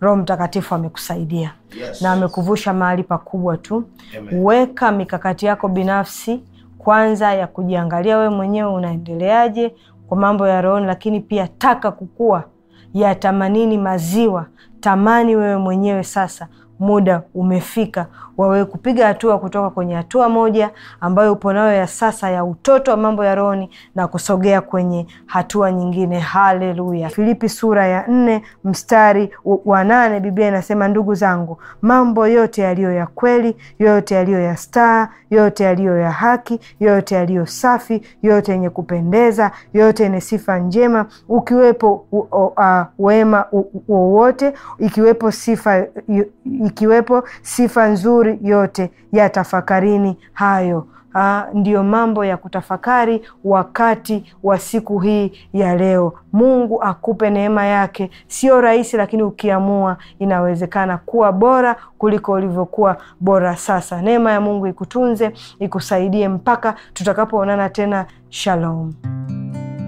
Roho Mtakatifu amekusaidia yes, na amekuvusha mahali pakubwa tu. Amen. Weka mikakati yako binafsi kwanza ya kujiangalia wewe mwenyewe unaendeleaje kwa mambo ya rohoni, lakini pia taka kukua ya tamanini maziwa. Tamani wewe mwenyewe sasa, muda umefika wawe kupiga hatua kutoka kwenye hatua moja ambayo upo nayo ya sasa ya utoto wa mambo ya rohoni na kusogea kwenye hatua nyingine. Haleluya! Filipi sura ya nne mstari wa nane Biblia inasema, ndugu zangu, mambo yote yaliyo ya kweli, yote yaliyo ya staa, yote yaliyo ya haki, yote yaliyo safi, yote yenye kupendeza, yote yenye sifa njema, ukiwepo wema wowote, ikiwepo sifa, ikiwepo sifa nzuri mazuri yote tafakarini hayo. Ah, ndiyo mambo ya kutafakari wakati wa siku hii ya leo. Mungu akupe neema yake. Sio rahisi, lakini ukiamua inawezekana kuwa bora kuliko ulivyokuwa bora sasa. Neema ya Mungu ikutunze, ikusaidie mpaka tutakapoonana tena. Shalom.